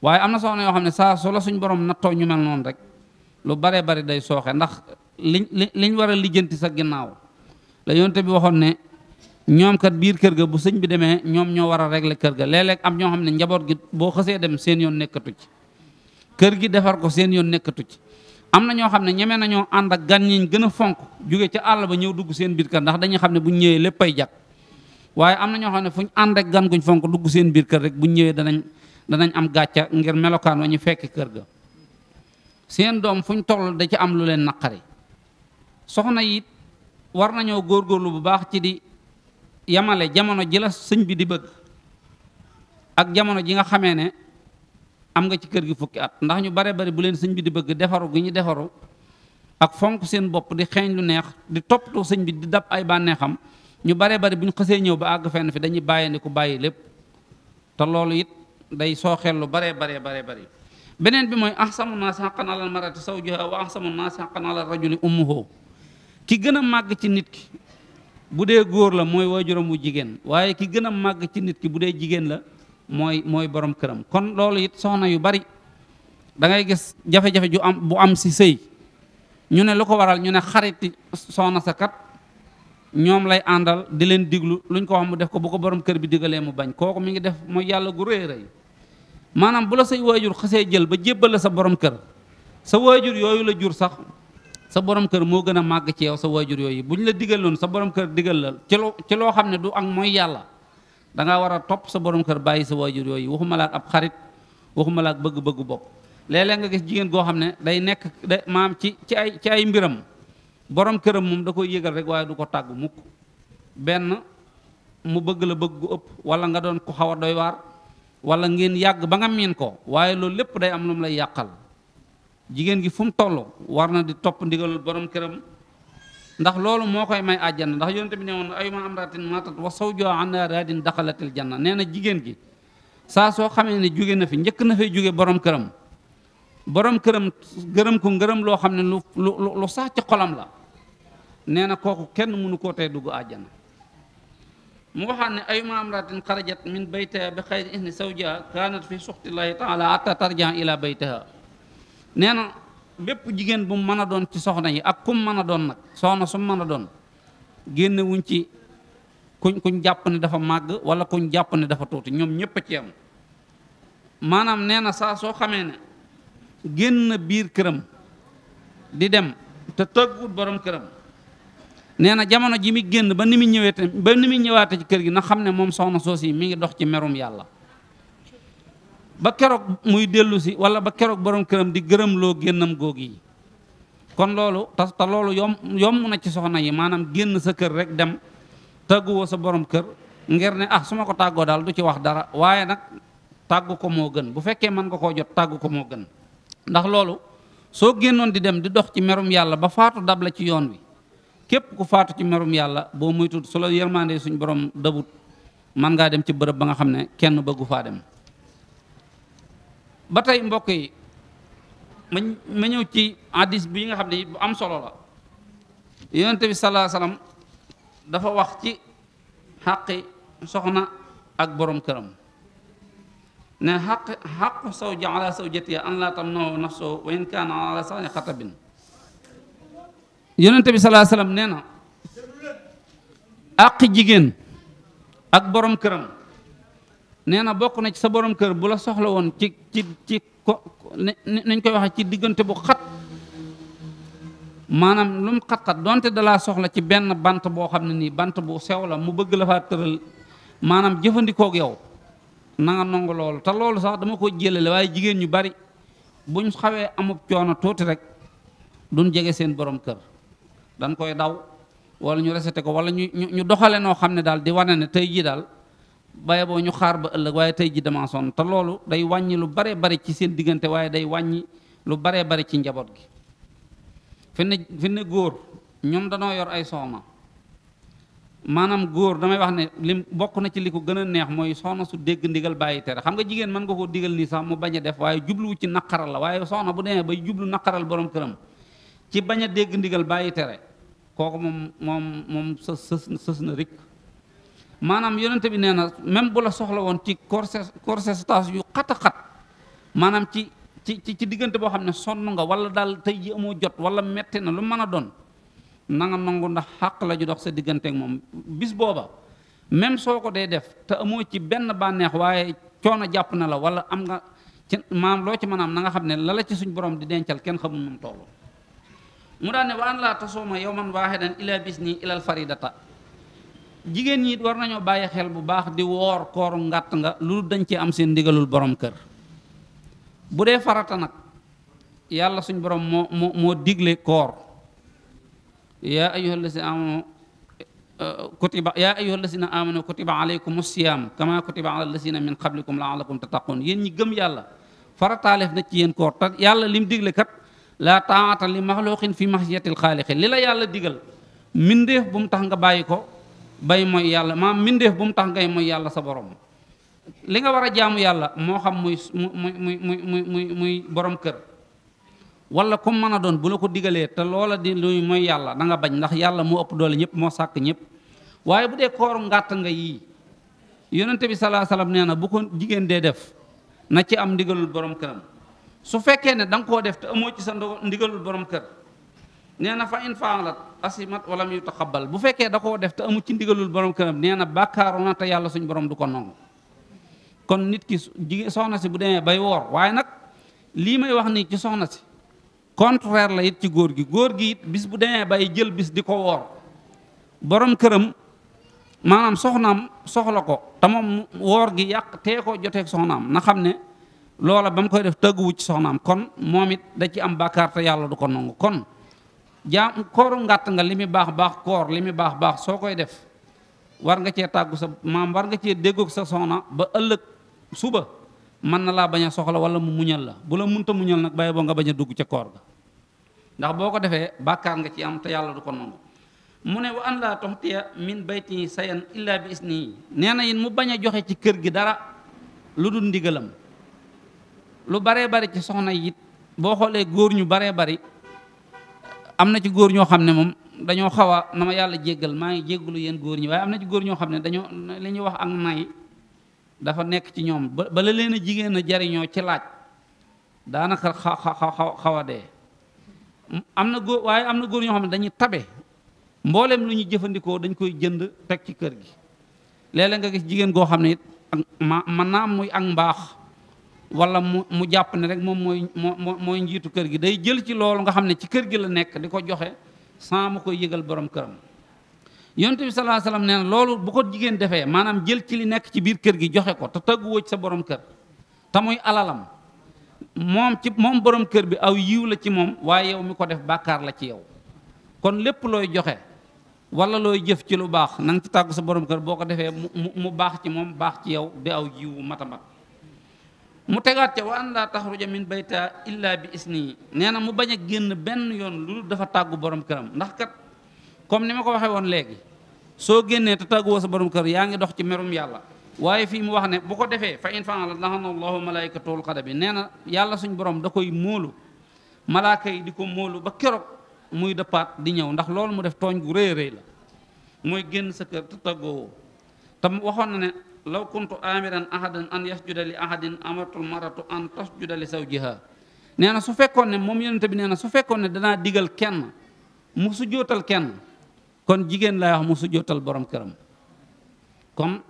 S4: waaye am na soxna yoo xam ne saa su la suñ borom nattoo ñu mel noon rek lu baree bari day sooxe ndax liñ liñ war a lijjanti sa ginnaaw la yonte bi waxoon ne ñoom kat biir kër ga bu sëñ bi demee ñoom ñoo war a kër ga léeg am ñoo xam ne njaboot gi boo xësee dem seen yoon nekkatu ci kër gi defar ko seen yoon nekkatu ci am na ñoo xam ne ñeme nañoo ànd ak gan ñiñ gën a fonk jóge ca àll ba ñëw dugg seen biir kër ndax dañuy xam ne bu ñëwee léppay jàkk waaye am na ñoo xam ne fu ñu ànd ak gan guñ fonk dugg seen biir kër rek bu ñëwee danañ danañ am gàcca ngir melokaan wa ñu fekk kër ga seen doom fu ñu toll da ci am lu leen naqari soxna yit war nañoo góorlu bu baax ci di yamale jamono ji la sëñ bi di bëgg ak jamono ji nga xamee ne am nga ci kër gi fukki at ndax ñu bare bari bu leen sëñ bi di bëgg defaru gi ñu defaru ak fonk seen bopp di xeeñ lu neex di toppatoo sëñ bi di dab ay bànneexam ñu baree bari bu ñu xësee ñëw ba àgg fenn fi dañuy bàyyi ni ku bàyyi lépp te loolu it day sooxeel lu baree baree baree bari beneen bi mooy ahsanu naasi haqqan alal mar'ati zawjuha wa ahsanu naasi haqqan alal rajuli ummuhu ki gën a màgg ci nit ki bu dee góor la mooy waajuram wu jigéen waaye ki gën a màgg ci nit ki bu dee jigéen la mooy mooy borom këram kon loolu it soxna yu bari dangay gis jafe-jafe ju am bu am si sëy ñu ne lu ko waral ñu ne xariti soxna sa kat ñoom lay àndal di leen diglu luñ ko wax mu def ko bu ko borom kër bi digalee mu bañ kooku mu ngi def mooy yàlla gu rëy rëy maanaam bu la say waajur xasee jël ba jébbal sa borom kër sa waajur yooyu la jur sax sa borom kër moo gën a màgg ci yow sa waajur yooyu bu ñu la digaloon sa borom kër digal la ci loo ci loo xam ne du ak mooy yàlla da ngaa war a topp sa borom kër bàyyi sa waajur yooyu waxuma la ab xarit waxuma la bëgg-bëggu bopp léeg nga gis jigéen goo xam ne day nekk da maam ci ci ay ci ay mbiram. borom këram moom da koy yégal rek waaye du ko tàgg mukk benn mu bëgg la bëgg gu ëpp wala nga doon ko xaw a doy waar wala ngeen yàgg ba nga miin ko waaye loolu lépp day am lu mu lay yàqal jigéen gi fu mu toll war na di topp ndigalul borom këram ndax loolu moo koy may àjjana ndax yonent bi ne woon ayuma amratin matat wa sawjuha an radin daxalatil janna nee na jigéen gi saa soo xamee ne jóge na fi njëkk na fay jóge borom këram borom këram gërëm ko loo xam ne lu lu lu la nee na kooku kenn mënu koo tey dugg àjjana mu waxaat ne ayuma amratin xarajat min baytiha bi xayri ihni sawjiha kaanat fi suxtillahi taala hatta tarjaa ila baytiha nee na bépp jigéen bu mën a doon ci soxna yi ak kum mën a doon nag soxna su mën a doon génnewuñ ci kuñ kuñ jàpp ni dafa màgg wala kuñ jàpp ne dafa tuuti ñoom ñépp a ci am maanaam nee na saa soo xamee ne génn biir këram di dem te tëgguwut borom këram nee na jamono ji mi génn ba ni mu ñëwee ba ni mu ñëwaate ci kër gi na xam ne moom soxna soo si mu ngi dox ci merum yàlla ba keroog muy dellu si wala ba keroog borom këram di gërëm loo génnam góog gi kon loolu te te loolu yom yomb na ci soxna yi maanaam génn sa kër rek dem tàgguwoo sa borom kër ngir ne ah su ma ko tàggoo daal du ci wax dara waaye nag tàggu ko moo gën bu fekkee mën nga koo jot tàggu ko moo gën ndax loolu soo génnoon di dem di dox ci merum yàlla ba faatu dab la ci yoon wi képp ku faatu ci merum yàlla boo moytuwul su la yërmande suñ borom dabut man ngaa dem ci bërëb ba nga xam ne kenn bëggu faa dem ba tey mbokk yi ma ñëw ci hadis bi nga xam ne bu am solo la yonente bi salaa salaam dafa wax ci xaqi soxna ak boroom këram ne xaq xaq sawja ala sawjatiha an laa tamnahu nafsahu wa in kaana ala sani xatabin yonent bi salaa salaam nee na àq jigéen ak borom këram nee na bokk na ci sa borom kër bu la soxla woon ci ci ci ko nañ koy waxee ci diggante bu xat maanaam lum mu xat-xat donte dalaa soxla ci benn bant boo xam ne nii bant bu sew la mu bëgg la faa tëral maanaam jëfandikook yow na nga loolu te loolu sax dama ko jëlale waaye jigéen ñu bari buñ xawee amub coono tuuti rek duñ jege seen borom kër dañ koy daw wala ñu reseté ko wala ñu ñu doxale noo xam ne daal di wane ne tey jii daal baye boo ñu xaar ba ëllëg waaye tey jii damaa sonn te loolu day wàññi lu bare bare ci seen diggante waaye day wàññi lu bare bare ci njaboot gi fi ne fi góor ñoom danoo yor ay soxna maanaam góor damay wax ne lim bokk na ci li ko gën a neex mooy soxna su dégg ndigal bàyyi tere xam nga jigéen mën nga koo digal nii sax mu bañ a def waaye jublu ci naqaral la waaye soxna bu demee bay jublu naqaral boroom këram ci bañ a dégg bàyyi tere kooku moom moom moom sës sës na rek maanaam yonente bi nee na même bu la soxla woon ci corses corsestage yu xataxat maanaam ci ci ci diggante boo xam ne sonn nga wala daal tey ji amoo jot wala metti na lu mën a doon na nga ndax xàq la ju dox sa digganteek moom bis booba même soo ko dee def te amoo ci benn bànneex waaye coono jàpp na la wala am nga ci maam loo ci mën a na nga xam ne lala la ci suñ borom di dencal kenn xamul nu mu mu daan ne wa an laa tasooma yow man waaxidan ilaa bisni nii ilal faridata jigéen ñi war nañoo bàyyi xel bu baax di woor koor ngàtt nga lu dañ ci am seen digalul borom kër bu dee farata nag yàlla suñ borom moo moo moo digle koor yaa ayyuhal lazina amanu kutiba yaa ayyuhal lazina amanu kutiba alaykum siyaam kama kutiba alal lazina min qablikum laallakum tattaqun yéen ñi gëm yàlla farataaleef na ci yéen koor te yàlla lim digle kat laa taata li maxluqin fi max mahsiyatil xaaliqi li la yàlla digal mbindeef bu mu tax nga bàyyi ko bay mooy yàlla maam mbindeef bu mu tax ngay mooy yàlla sa borom li nga war a jaamu yàlla moo xam muy muy muy muy muy muy borom kër wala ku mën a doon bu la ko digalee te loola di luy mooy yàlla da nga bañ ndax yàlla mu ëpp doole ñëpp moo sàkk ñëpp waaye bu dee kooru ngàtt nga yii yonente bi salaa salaam nee na bu ko jigéen dee def na ci am ndigalul borom këram su fekkee ne danga koo def te amoo ci sa ndigalul borom kër nee na fa in faalat asimat wala mu taxabal bu fekkee da koo def te amu ci ndigalul borom këram nee na bàkkaaru na borom du ko nangu kon nit ki jigéen soxna si bu demee bay woor waaye nag lii may wax nii ci soxna si contraire la it ci góor gi góor gi it bis bu demee bay jël bis di ko woor borom këram maanaam soxnaam soxla ko te moom woor gi yàq tee ko joteeg soxnaam na xam ne loola ba mu koy def tëgguwu ci soxnaam kon moom it da ci am bàkkaar te yàlla du ko nangu kon jaam koorum ngàtt nga li muy baax baax koor li muy baax baax soo koy def war nga cee tàggu sa maam war nga cee déggoog sa soxna ba ëllëg suba mën na laa bañ a soxla wala mu muñal la bu la munta muñal nag bàyyi boo nga bañ a dugg ca koor ga ndax boo ko defee bakkaar nga ci am te yàlla du ko nangu mu ne wa an laa toxtiya miin bayti sayan illa bi isnihi nee na yéen mu bañ a joxe ci kër gi dara lu dul ndigalam lu baree bari ci soxna yi it boo xoolee góor ñu baree bari am na ci góor ñoo xam ne moom dañoo xaw a na ma yàlla jéggal maa ngi jéggalu yéen góor ñi waaye am na góor ñoo xam ne dañoo li wax ak dafa nekk ci ñoom ba leen a jigéen a jariñoo ci laaj daanaka xaw xaw a dee am na góor waaye am na góor ñoo xam ne dañuy tabe mboolem lu ñu jëfandikoo dañ koy jënd teg ci kër gi léeg-léeg nga gis jigéen goo xam ne it ma mën naa muy ak mbaax wala mu mu jàpp ni rek moom mooy moo mooy njiitu kër gi day jël ci loolu nga xam ne ci kër gi la nekk di ko joxe saa mu koy yëgal borom këram yonte bi salaa salaam nee loolu bu ko jigéen defee maanaam jël ci li nekk ci biir kër gi joxe ko te tëgguwoo ci sa borom kër te muy alalam moom ci moom borom kër bi aw yiw la ci moom waaye yow mi ko def bàkkaar la ci yow kon lépp looy joxe walla looy jëf ci lu baax na nga ci tàggu sa borom kër boo ko defee mu mu baax ci moom baax ci yow di aw jiwu matamat mu tegaat ca wa an laa taxruja min bayta illa bi isni nee na mu bañ a génn benn yoon lu dafa tàggu borom këram ndax kat comme ni ma ko waxee woon léegi soo génnee te tàgguwoo sa borom kër yaa ngi dox ci merum yàlla waaye fii mu wax ne bu ko defee fa in faala laxana allahu malaaykatul xadabi nee na yàlla suñu borom da koy móolu malaaka yi di ko móolu ba keroog muy dëppaat di ñëw ndax loolu mu def tooñ gu rëy rëy la mooy génn sa kër te tàggoowoo law kuntu amiran ahadan an yasjuda li ahadin amartul maratu an tasjuda li zawjiha nee na su fekkoon ne moom yonente bi nee na su fekkoon ne danaa digal kenn mu su jootal kenn kon jigéen lay wax mu su jootal borom këram kon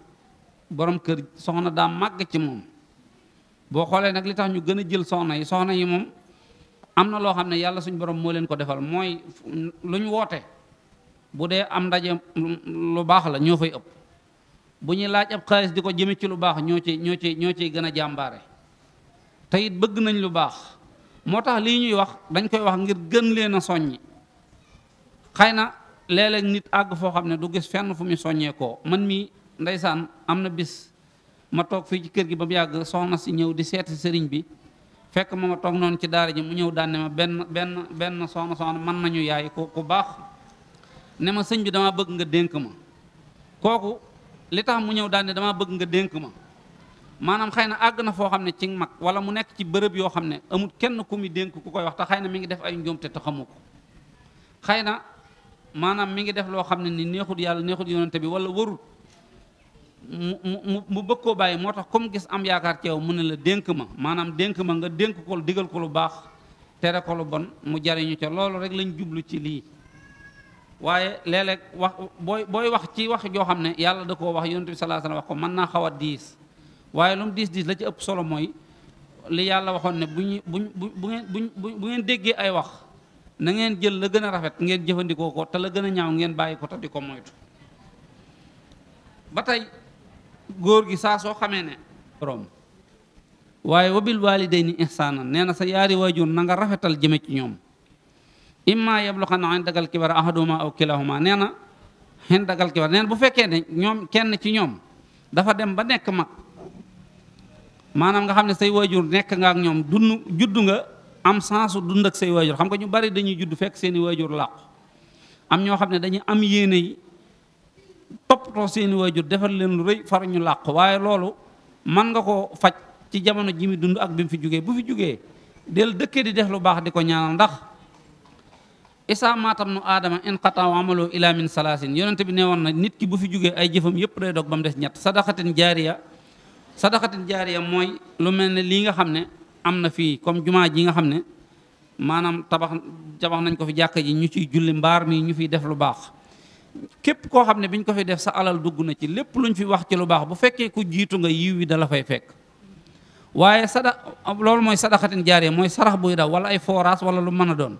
S4: borom kër soxna daa màgg ci moom boo xoolee nag li tax ñu gën a jël soxna yi soxna yi moom am na loo xam ne yàlla suñ borom moo leen ko defal mooy lu ñu woote bu dee am ndaje lu baax la ñoo fay ëpp bu ñuy laaj ab xaalis di ko jëme ci lu baax ñoo ci ñoo ci ñoo ciy gën a jàmbaare te it bëgg nañ lu baax moo tax lii ñuy wax dañ koy wax ngir gën leen a soññ xëy na léeg nit àgg foo xam ne du gis fenn fu muy soññee koo man mii ndeysaan am na bis ma toog fii ci kër gi ba mu yàgg soxna si ñëw di seet sëriñ bi fekk ma ma toog noonu ci daara ji mu ñëw daan ne ma benn benn benn soxna soxna mën nañu yaay ku ku baax ne ma sëñ bi dama bëgg nga dénk ma kooku li tax mu ñëw daal ne damaa bëgg nga dénk ma maanaam xëy na àgg na foo xam ne ci mag wala mu nekk ci bërëb yoo xam ne amul kenn ku muy dénk ku koy wax te xëy na mi ngi def ay njuumte te ko xëy na maanaam mi ngi def loo xam ne ni neexut yàlla neexut yonante bi wala warut mu mu mu bëgg koo bàyyi moo tax comme gis am yaakaar ceew mu ne la dénk ma maanaam dénk ma nga dénk ko digal ko lu baax tere ko lu bon mu jariñu ca loolu rek lañ jublu ci lii waaye léeg wax booy booy wax ci wax joo xam ne yàlla da koo wax yonent bi sallallahu alayhi wax ko mën naa xaw a diis waaye lu diis diis la ci ëpp solo mooy li yàlla waxoon ne bu ñu bu bu ngeen bu ngeen déggee ay wax na ngeen jël la gën a rafet ngeen jëfandikoo ko te la gën a ñaaw ngeen bàyyi ko te di ko moytu ba tey góor gi saa soo xamee ne borom waaye wabil walidayni ihsaanan nee na sa yaari waajur na nga rafetal jëme ci ñoom xam imma yablughanna indakal kibara ahaduhuma aw kilahuma nee na dagal kibara nee na bu fekkee ne ñoom kenn ci ñoom dafa dem ba nekk mag maanaam nga xam ne say waajur nekk nga ak ñoom dund juddu nga am sensu dund ak say waajur xam nga ñu bari dañuy judd fekk seeni waajur làqu am ñoo xam ne dañuy am yéene yi toppatoo seeni waajur defal leen lu rëy far ñu làqu waaye loolu mën nga ko faj ci jamono ji mi dund ak bi mu fi jógee bu fi jógee del dëkkee baax di ko isaa maatam nu aadama inqataa amalu ila min salaasin yonente bi ne woon na nit ki bu fi jógee ay jëfam yëpp day dog ba mu des ñett sadaqatin jaariya sadaqatin jaariya mooy lu mel ne lii nga xam ne am na fii comme jumaa ji nga xam ne maanaam tabax tabax nañ ko fi jàkk ji ñu ciy julli mbaar mi ñu fiy def lu baax képp koo xam ne biñ ko fi def sa alal dugg na ci lépp luñ fi wax ci lu baax bu fekkee ku jiitu nga yiw wi dala fay fekk waaye sada loolu mooy sadaqatin jaariya mooy sarax buy daw wala ay forage wala lu mën a doon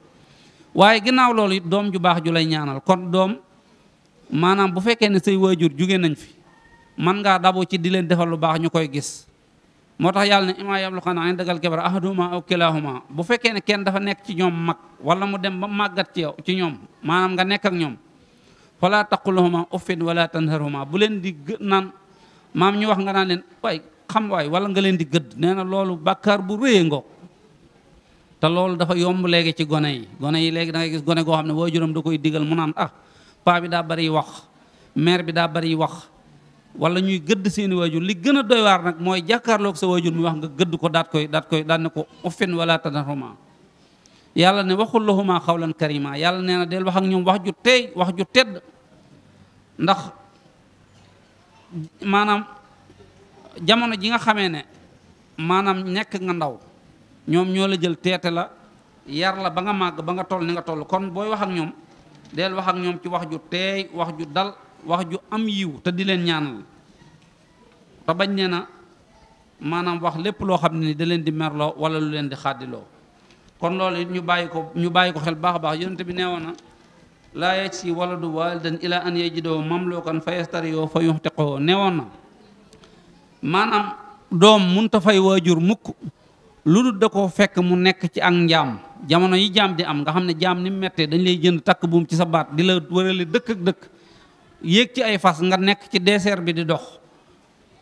S4: waaye ginnaaw loolu it doom ju baax ju lay ñaanal kon doom maanaam bu fekkee ne say waajur jóge nañ fi man ngaa dabu ci di leen defal lu baax ñu koy gis moo tax yàlla ne imaa yablu xanaa ay dagal kebar ahaduma aw kilahuma bu fekkee ne kenn dafa nekk ci ñoom mag wala mu dem ba màggat ci ci ñoom maanaam nga nekk ak ñoom fala taqulhuma uffin wala tanharhuma bu leen di naan maam ñu wax nga naa leen waay xam waay wala nga leen di gëdd nee na loolu bàkkaar bu rëy ngoog te loolu dafa yomb léegi ci gone yi gone yi léegi da gis gone goo xam ne waajuram da koy digal mu naan ah paa bi daa bari wax mère bi daa bari wax walla ñuy gëdd seeni waajur li gën a doy waar nag mooy jàkkaarloog sa waajur mi wax nga gëdd ko daat koy daat koy daat ne ko uffin wala tanharhuma yàlla ne waxul lahuma xawlan karima yàlla nee na del wax ak ñoom wax ju tey wax ju tëdd ndax maanaam jamono ji nga xamee ne maanaam nekk nga ndaw ñoom ñoo la jël teete la yar la ba nga màgg ba nga toll ni nga toll kon booy wax ñoom del wax ak ñoom ci wax ju teey wax ju dal wax ju am yiw te di leen ñaanal te bañ nee na maanaam wax lépp loo xam ne da leen di merloo wala lu leen di xàddiloo kon loolu it ñu bàyyi ko ñu bàyyi ko xel baax a baax yonent bi neewoon na laa yaj si waladu walidan ila an yajidoo mamlukan fa yastariyoo fa yuxtiqoo neewoon na maanaam doom munta fay waajur mukk lu dul da ko fekk mu nekk ci ak njaam jamono yi jaam di am nga xam ne jaam ni mu mettee dañ lay jënd takk buum ci sa baat di la wërale dëkk ak dëkk yéeg ci ay fas nga nekk ci désert bi di dox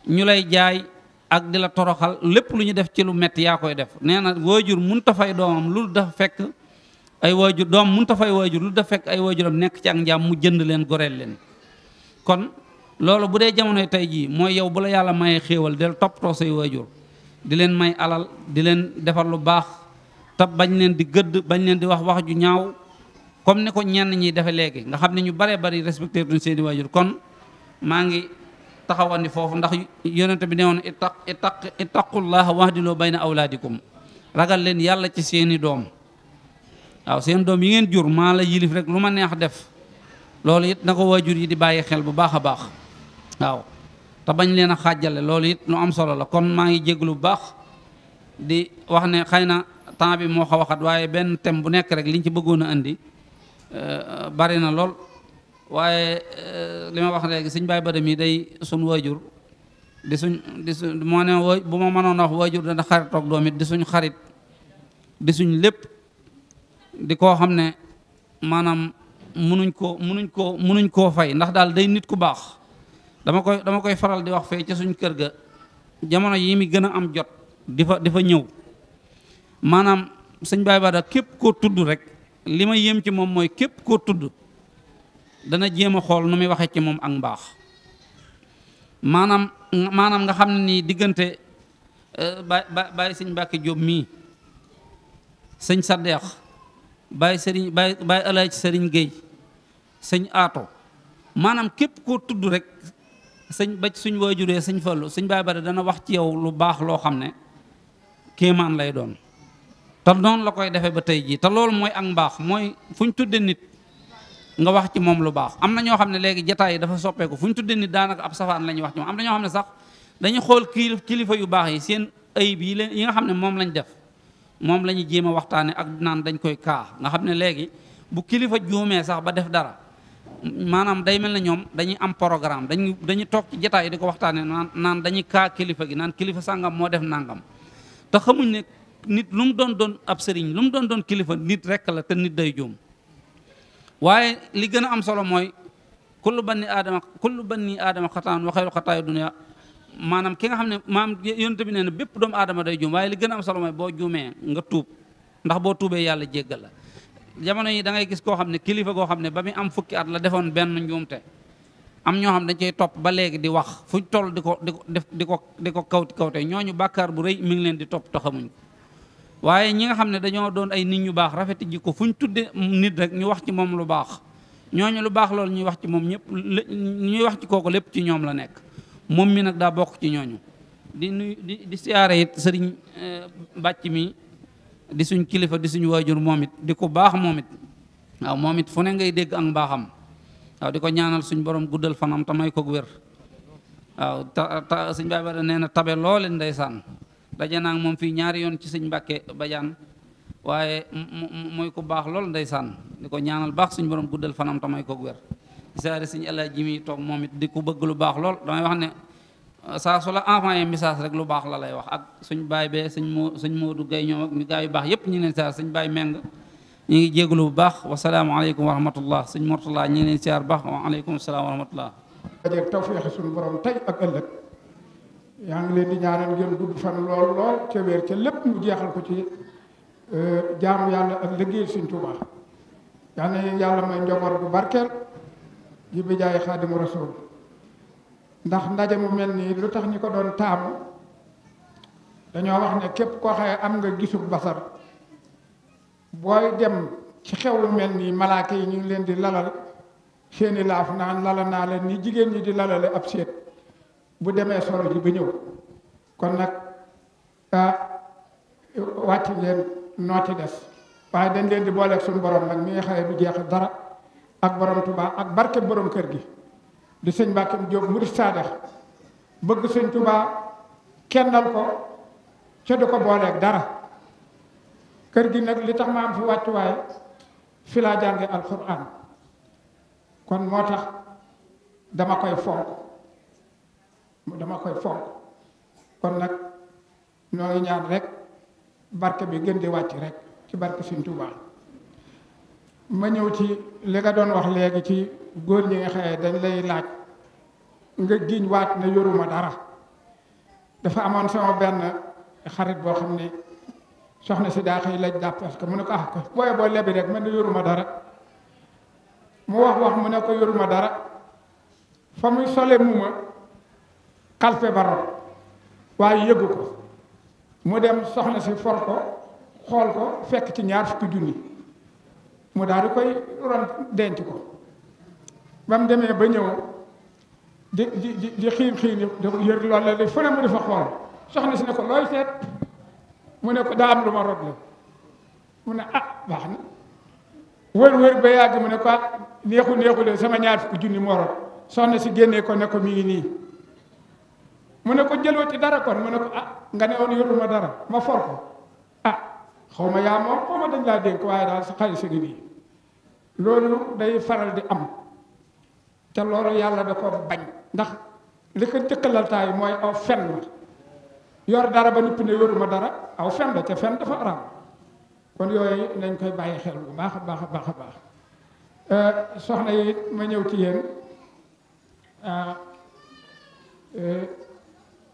S4: ñu lay jaay ak di la toroxal lépp lu ñu def ci lu metti yaa koy def nee na waajur mun ta fay doomam lu dul dafa fekk ay waajur doom mun ta fay waajur lu da fekk ay waajuram nekk ci ak njaam mu jënd leen goreel leen kon loolu bu dee jamonoy tey jii mooy yow bu la yàlla mayee xéewal del toppatoo say waajur di leen may alal di leen defar lu baax ta bañ leen di gëdd bañ leen di wax wax ju ñaaw comme ni ko ñenn ñi defe léegi nga xam ne ñu baree bari respecté duñ seeni waajur kon maa ngi taxawandi foofu ndax yonente bi ne woon ittaq ittaq ittaqullaha wahdiloo bayna awlaadikum ragal leen yàlla ci seeni doom waaw seen doom yi ngeen jur maa la yilif rek lu ma neex def loolu it na ko waajur yi di bàyyi xel bu baax a baax waaw te bañ leen a xaajale loolu it lu am solo la kon maa ngi jéglu bu baax di wax ne xëy na temps bi moo xaw xat waaye benn thème bu nekk rek liñ ci bëggoon a indi euh, bari na lool waaye euh, li ma wax léegi suñ baay badam yi day suñ waajur di suñ di suñ moo ne waay bu ma mënoon wax waajur dana xaritoog doom it di suñ xarit di suñ lépp di koo xam ne maanaam munuñ ko munuñ ko munuñ koo fay ndax daal day nit ku baax dama koy dama koy faral di wax fee ca suñ kër ga jamono yi mi gën a am jot di fa di fa ñëw maanaam sëñ Baye Bada képp koo tudd rek li ma yéem ci moom mooy képp koo tudd dana jéem a xool nu muy waxee ci moom ak mbaax maanaam maanaam nga xam ne nii diggante euh, bay bàyyi sëñ Mbàkke Jóob mii sëñ Saddeex bàyyi sëriñ bàyyi bàyyi Alaaji sëriñ Géey sëñ Aato maanaam képp koo tudd rek sëñ ba suñ waajuree sëñ Fallu sëñ Baabara dana wax ci yow lu baax loo xam ne kéemaan lay doon te noonu la koy defee ba tey jii te loolu mooy ak mbaax mooy fu ñu tudde nit nga wax ci moom lu baax am na ñoo xam ne léegi jataay yi dafa soppeeku fu ñu tudde nit daanaka ab safaan la ñuy wax ci moom am na ñoo xam ne sax dañu xool kilifa yu baax yi seen ayib yi leen yi nga xam ne moom lañ def moom la ñu jéem a waxtaane ak naan dañ koy kaa nga xam ne léegi bu kilifa juumee sax ba def dara maanaam day mel na ñoom dañuy am programme dañuy dañuy toog ci jataay di ko waxtaanee naan naan dañuy kaa kilifa gi naan kilifa sàngam moo def nangam te xamuñ ne nit lu doon doon ab sëriñ lu mu doon doon kilifa nit rek la te nit day juum waaye li gën a am solo mooy kullu banni aadama kullu banni aadama xataan wa xayru xataayu dunya maanaam ki nga xam ne maam yoon bi nee na bépp doomu aadama day juum waaye li gën a am solo mooy boo juumee nga tuub ndax boo tuubee yàlla jéggal la jamono yi da ngay gis koo xam ne kilifa goo xam ne ba muy am fukki at la defoon benn njuumte am ñoo xam dañ cay topp ba léegi di wax fuñ toll di ko di ko di ko di ko kawti kawte ñooñu bàkkaar bu rëy mi ngi leen di topp te ko waaye ñi nga xam ne dañoo doon ay nit ñu baax rafeti ji ko fuñ tudde nit rek ñu wax ci moom lu baax ñooñu lu baax loolu ñuy wax ci moom ñëpp ñuy wax ci kooku lépp ci ñoom la nekk moom mi nag daa bokk ci ñooñu di nuyu di di siyaare it sëriñ eh, bàcc mi di suñ kilifa di suñ waajur moom it di ku baax moom it waaw moom it fu ne ngay dégg am mbaaxam waaw di ko ñaanal suñ borom guddal fanam te may ko wér waaw ta nee na tabe loole ndeysaan daje naa moom fii ñaari yoon ci suñ mbàkke bajaan waaye mooy ku baax lool ndeysaan di ko ñaanal baax suñ borom guddal fanam te ko wér isaari suñ El toog moom it di ko bëgg lu baax lool damay wax ne saa su la envoyé message rek lu baax la lay wax ak suñ baay bee suñ moo suñ Modou Gueye ñoom ak ñu gaa yu baax yépp ñu ngi leen siyaar suñ baay meng ñu ngi jégalu bu baax wasalaamaaleykum wa rahmatullah suñ Mortala ñu leen siyaar baax aleykum salaam wa rahmatullah
S3: dajeeg suñu borom tey ak ëllëg yaa ngi leen di ñaanal ngeen gudd fan lool lool ca wér ca lépp ñu jeexal ko ci euh, jaamu yàlla ak liggéey suñ Tuubaa yàlla may njaboot bu barkeel ji bi jaay xaadimu rasul ndax ndaje mu mel nii lu tax ñi ko doon taamu dañoo wax ne képp koo xaye am nga gisu basar booy dem ci xewu mel nii malaaka yi ñu ngi leen di lalal seeni laaf naa lala naa leen ni jigéen ñi di lalale ab seet bu demee solo ji ba ñëw kon nag ah, wàcc leen nooti des waaye dañ leen di booleeg suñu borom nag mi nga xaye du jeex dara ak borom Tuubaa ak barke borom kër gi di sëñ Mbàkkeem Jóob murit saadax bëgg sëñ Tuubaa kennal ko ca ko booleeg dara kër gi nag li tax ma am fi wàccuwaay fi laa jànge alxuraan kon moo tax dama koy fonk dama koy fonk kon nag ñoo ngi ñaan rek barke bi gën di wàcc rek ci barke sëñ Tuubaa ma ñëw ci li nga doon wax léegi ci góor ñi nga dañ lay laaj nga giñ waat ne yoruma dara dafa amoon sama benn xarit boo xam ne soxna si daa xëy laaj dàpp parce que mu ne ko ah booy boo lebi rek man ne yoruma dara mu wax wax mu ne ko yoruma dara fa muy sole muma xalpe ba waaye yëgu ko mu dem soxna si for ko xool ko fekk ci ñaar fukki junni mu daal di koy ron denc ko ba mu demee ba ñëw di di di di xiin xiin di yër lool la di fu ne mu di xool soxna si ne ko looy seet mu ne ko daa am lu ma rob la mu ne ah baax na wër wër ba yàgg mu ne ko ah, neexu neexu de sama ñaar fukki junni moo soxna si génnee ko ne ko mi nii mu ne ko jëloo ci dara kon mu ne ko ah nga ne woon ma dara ma for ko ah xaw ma yaa moom xaw ma dañ laa dénk waaye daal sa xaalis a ngi nii loolu day faral di am te loolu yàlla da ko bañ ndax li ko dëkkalaltaay mooy aw fen la yor dara ba noppi ne yoruma dara aw fen la te fen dafa araam kon yooyu nañ koy bàyyi xel bu baax a baax a baax a baax euh, soxna yi ma ñëw ci yéen euh, euh,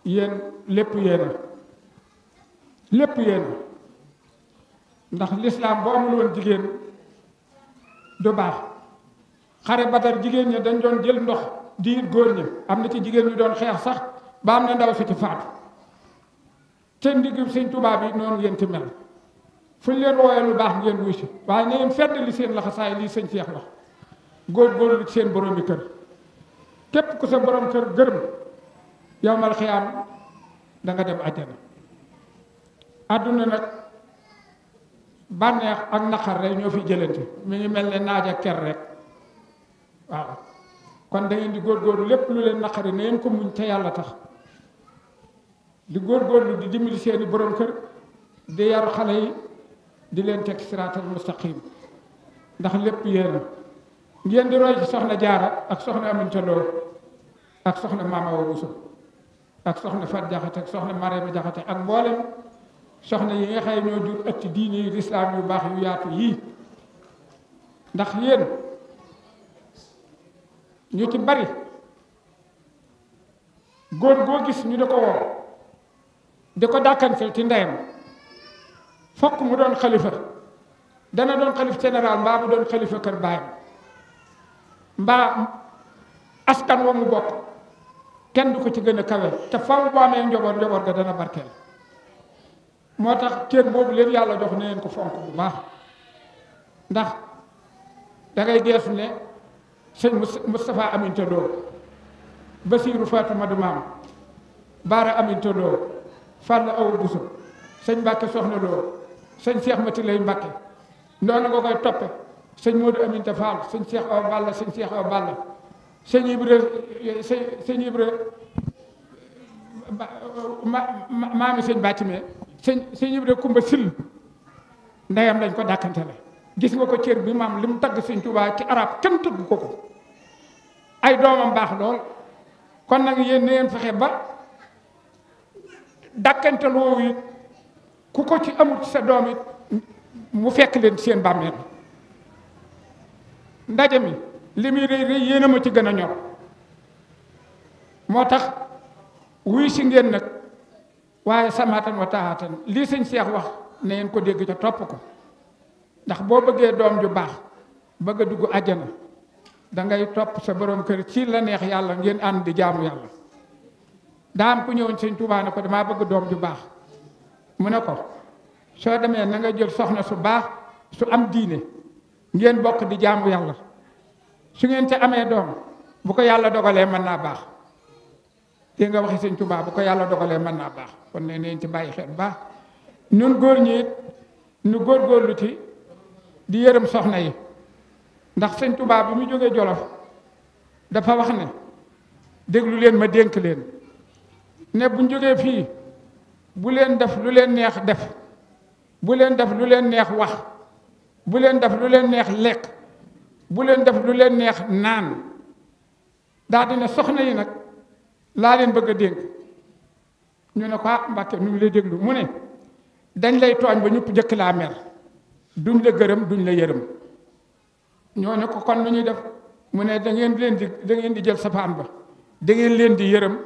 S3: yéen lépp yéena lépp yéena ndax lislaam boo amul woon jigéen du baax xare Badar jigéen ñi dañ doon jël ndox di góor ñi am na ci jigéen ñu doon xeex sax ba am na ndaw si ci faatu te ndigum sëñ tubaab bi noonu ngeen ci mel fu leen wooyee lu baax ngeen wuy si waaye na ngeen fedd li seen laxasaay lii sëñ Seex wax góor-góorlu ci seen borom bi kër képp ku sa borom kër gërëm yowmal xiyaam da danga dem àjjana àdduna nag bànneex ak naqar rek ñoo fi jëlante mi ngi mel ne naaja ak ker rek waaw kon da ngeen di góor lépp lu leen naqari na ngeen ko muñ te yàlla tax di góor góorgóorlu di dimbali seeni borom kër di yaru xale yi di leen teg siraatal mustaqim ndax lépp yéen ngeen di roy ci soxna jaara ak soxna Aminta Lo ak soxna Mama Awa Bousso ak soxna Fat Jaxate ak soxna Mariama Jaxate ak mboolem soxna yi nga xëy ñoo jur ëtt diine yi lislaam yu baax yu yaatu yii ndax yéen ñu ci bari góor goo gis ñu di ko woo di ko dàkkantal ci ndeyam fokk mu doon xalifa dana doon xalif général mbaa mu doon xalifa kër baayam mbaa askan wa mu bokk kenn du ko ci gën a kawe te faw bu amee njoboot njoboot ga dana barkeel moo tax cër boobu leen yàlla jox na leen ko fonk bu baax ndax dangay geesu ne sëñ Moustapha Aminta Doo Basiiru Faatuma du maam Baara Aminta Doo Fàll Awa Buso sëñ Mbàkke Soxna Doo sëñ Seex Mati Lay Mbàkke noonu nga koy toppe sëñ Moodu Aminta Faal sëñ Seex Awa Balla sëñ Seex Awa Balla sëñ Ibra sëñ Ibra maami sëñ Bàcc me sëñ Ibra Kumba Sil ndeyam lañ ko dàkkante la gis nga ko cër bi maam li mu tagg sëñ Tuubaa ci araab kenn bu ko ko ay doomam baax lool kon nag yéen na ngeen fexe ba dàkkante loowu it ku ko ci amul sa doom it mu fekk leen seen bàmmeel ndaje mi li muy rëy rëy yéen a ma ci gën a ñor moo tax wuy si ngeen nag waaye samaatam wa taatan lii sëñ Seex wax ne ngeen ko dégg ca topp ko ndax boo bëggee doom ju baax bëgg a dugg àjjana da ngay topp sa borom kër ci la neex yàlla ngeen ànd di jaamu yàlla daam ku ñëwoon sëñ Tuubaa ne ko damaa bëgg doom ju baax mu ne ko soo demee na nga jël soxna su baax su am diine ngeen bokk di jaamu yàlla su ngeen ci amee doom bu ko yàlla dogalee mën naa baax dégg nga waxi sëñ Tuubaa bu ko yàlla dogalee mën naa baax kon ne neen ci bàyyi xel baax ñun góor ñi it ñu góorgóorlu ci di yërëm soxna yi ndax seen tubaab bi mu jóge Jolof dafa wax ne déglu leen ma dénk leen ne buñ jógee fii bu leen def lu leen neex def bu leen def lu leen neex wax bu leen def lu leen neex lekk bu leen def lu leen neex naan daa dina soxna yi nag laa leen bëgg a dénk ñu ne ko ah Mbàkke nu ngi lay déglu mu ne dañ lay tooñ ba ñëpp jëkk laa mer duñ la gërëm duñ la yërëm ñoo ne ko kon nu ñuy def mu ne da ngeen leen di da ngeen di jël safaan ba da ngeen leen di yërëm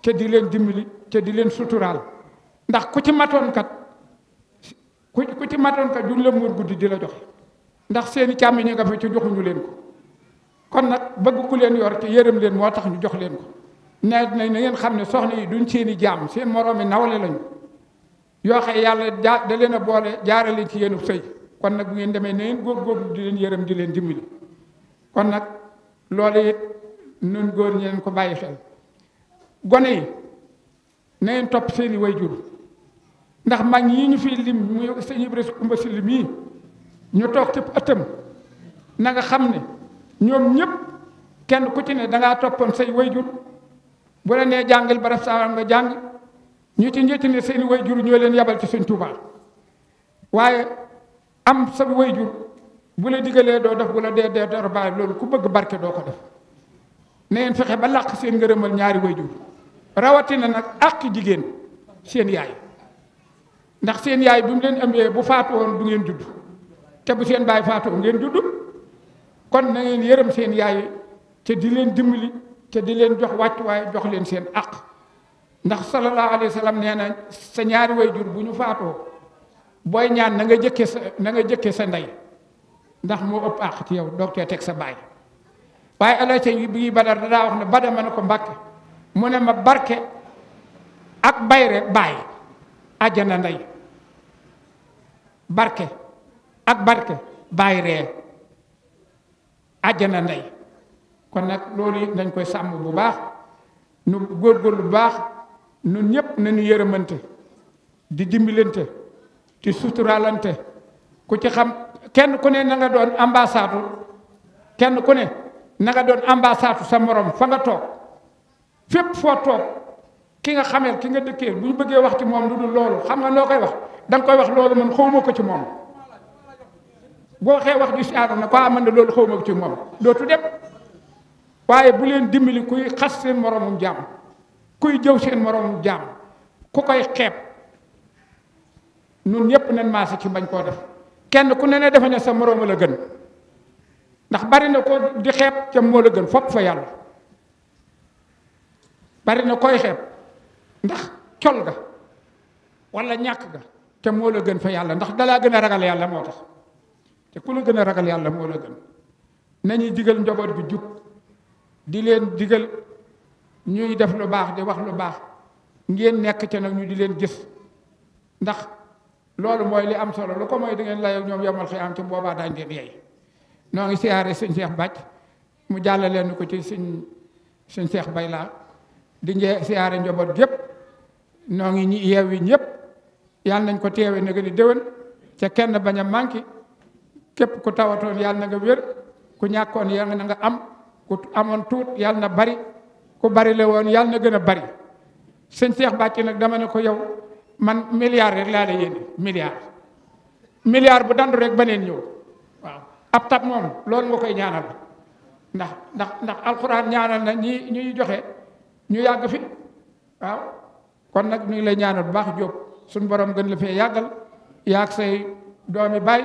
S3: te di leen dimbali te di leen suturaal ndax ku ci matoon kat ku ci matoon kat duñ la muur guddi di la joxe ndax seeni càmm ñi nga fa ci joxuñu leen ko kon nag bëgg ku leen yor te yërëm leen moo tax ñu jox leen ko nawet nañ na ngeen xam ne soxna yi duñ seeni jaam seen moroomi nawle lañu yoo xam yàlla da leen a boole jaarale ci yéenu sëy kon nag bu ngeen demee na ngeen góorgóorlu di leen yërëm di leen dimbali kon nag loolu it nun góor ñi ko bàyyi xel gone yi na topp seeni wayjur ndax mag ñi ñu fi lim muy sëñ Ibrahima Kumba si lim yi ñu toog ci ëttam nanga xam ne ñoom ñëpp kenn ku ci ne dangaa toppoon say wayjur bu la nee jàngal barab saa nga jàng ñu ci njëtt ne seeni wayjur ñoo leen yabal ci Sëñ Tuubaa waaye am sa wayjur bu la digalee doo def bu la dee dee dara bàyyi loolu ku bëgg barke doo ko def na ngeen fexe ba làq seen ngërëmal ñaari wayjur rawatina nag àq jigéen seen yaay ndax seen yaay bi mu leen ëmbee bu faatu du ngeen judd te bu seen baay faatoo ngeen judd kon na ngeen yërëm seen yaay te di leen dimbali te di leen jox wàccuwaay jox leen seen àq ndax sallallahu alayhi wa sallam nee na sa ñaari wayjur bu ñu faatoo booy ñaan na nga jëkkee sa na sa ndey ndax moo ëpp àq ci yow doog cee teg sa baay waaye alal yi bi badar dadaa wax na bada ma ne ko mbàkke mu ne ma barke ak bayre baay àjjana ndey barke ak barke baay ree àjjana ndey kon nag loolu it nañ koy sàmm bu baax nu góorgóorlu bu baax nun ñëpp nañu yërëmante di dimbilante ci suturaalante ku ci xam kenn ku ne na nga doon ambassade kenn ku ne nanga doon ambassade sa morom fa nga toog fépp foo toog ki nga xamee ki nga dëkkee bu ñu bëggee wax ci moom lu dul loolu xam nga noo koy wax danga koy wax loolu man xawma ko ci moom boo xee wax ju siyaara na ko ah, man na loolu xawma ko ci moom dootu dem waaye bu leen dimbali kuy xas seen moromum jaam kuy jëw seen moromum jaam ku koy xeeb nun ñëpp nañ maase ci bañ koo def kenn ku nen ne defe ne sa moroom la gën ndax bari na ko di xeeb ca moo la gën fopp fa yàlla bari na koy xeeb ndax col ga walla ñàkk ga te moo la gën fa yàlla ndax dalaa gën a ragal yàlla moo tax te ku la gën a ragal yàlla moo la gën nañuy digal njaboot bi jub di leen digal ñuy def lu baax di wax lu baax ngeen nekk ca nag ñu di leen gis ndax loolu mooy li am solo lu ko mooy di ngeen layow ñoom yomal xiyaam ci boobaa daañu leen yey noo ngi siyaare sëñ seex Bàcc mu jàll leen ko ci sëñ sëñ Cheikh Bay laa di njee siyaare njaboot gépp noo ngi ñi yeew yi ñëpp yal nañ ko teewe na nga di déwén ca kenn bañ a manqué képp ku tawatoon yal na nga wér ku ñàkkoon yal na nga am ku amoon tuut yal na bari ku bari la woon yal na gën a bari sëñ Cheikh Bàcc nag dama ne ko yow man milliard rek laa la yéene milliard milliard bu dandu rek beneen ñëw waaw ab tab moom loolu nga koy ñaanal ndax ndax ndax alxuraan ñaanal na ñi ñuy joxe ñu yàgg fi waaw kon nag ñu ngi lay ñaanal bu baax Jóob suñu borom gën la fee yàggal yaag say doomi baay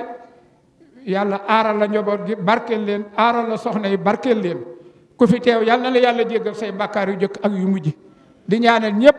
S3: yàlla aaral la njaboot gi barkeel leen aaral la soxna yi barkeel leen ku fi teew yàlla na la yàlla jéggal say bàkkaar yu jëkk ak yu mujj di ñaanal ñëpp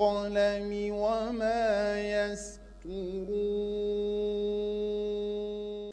S1: والقلم
S2: وما يسر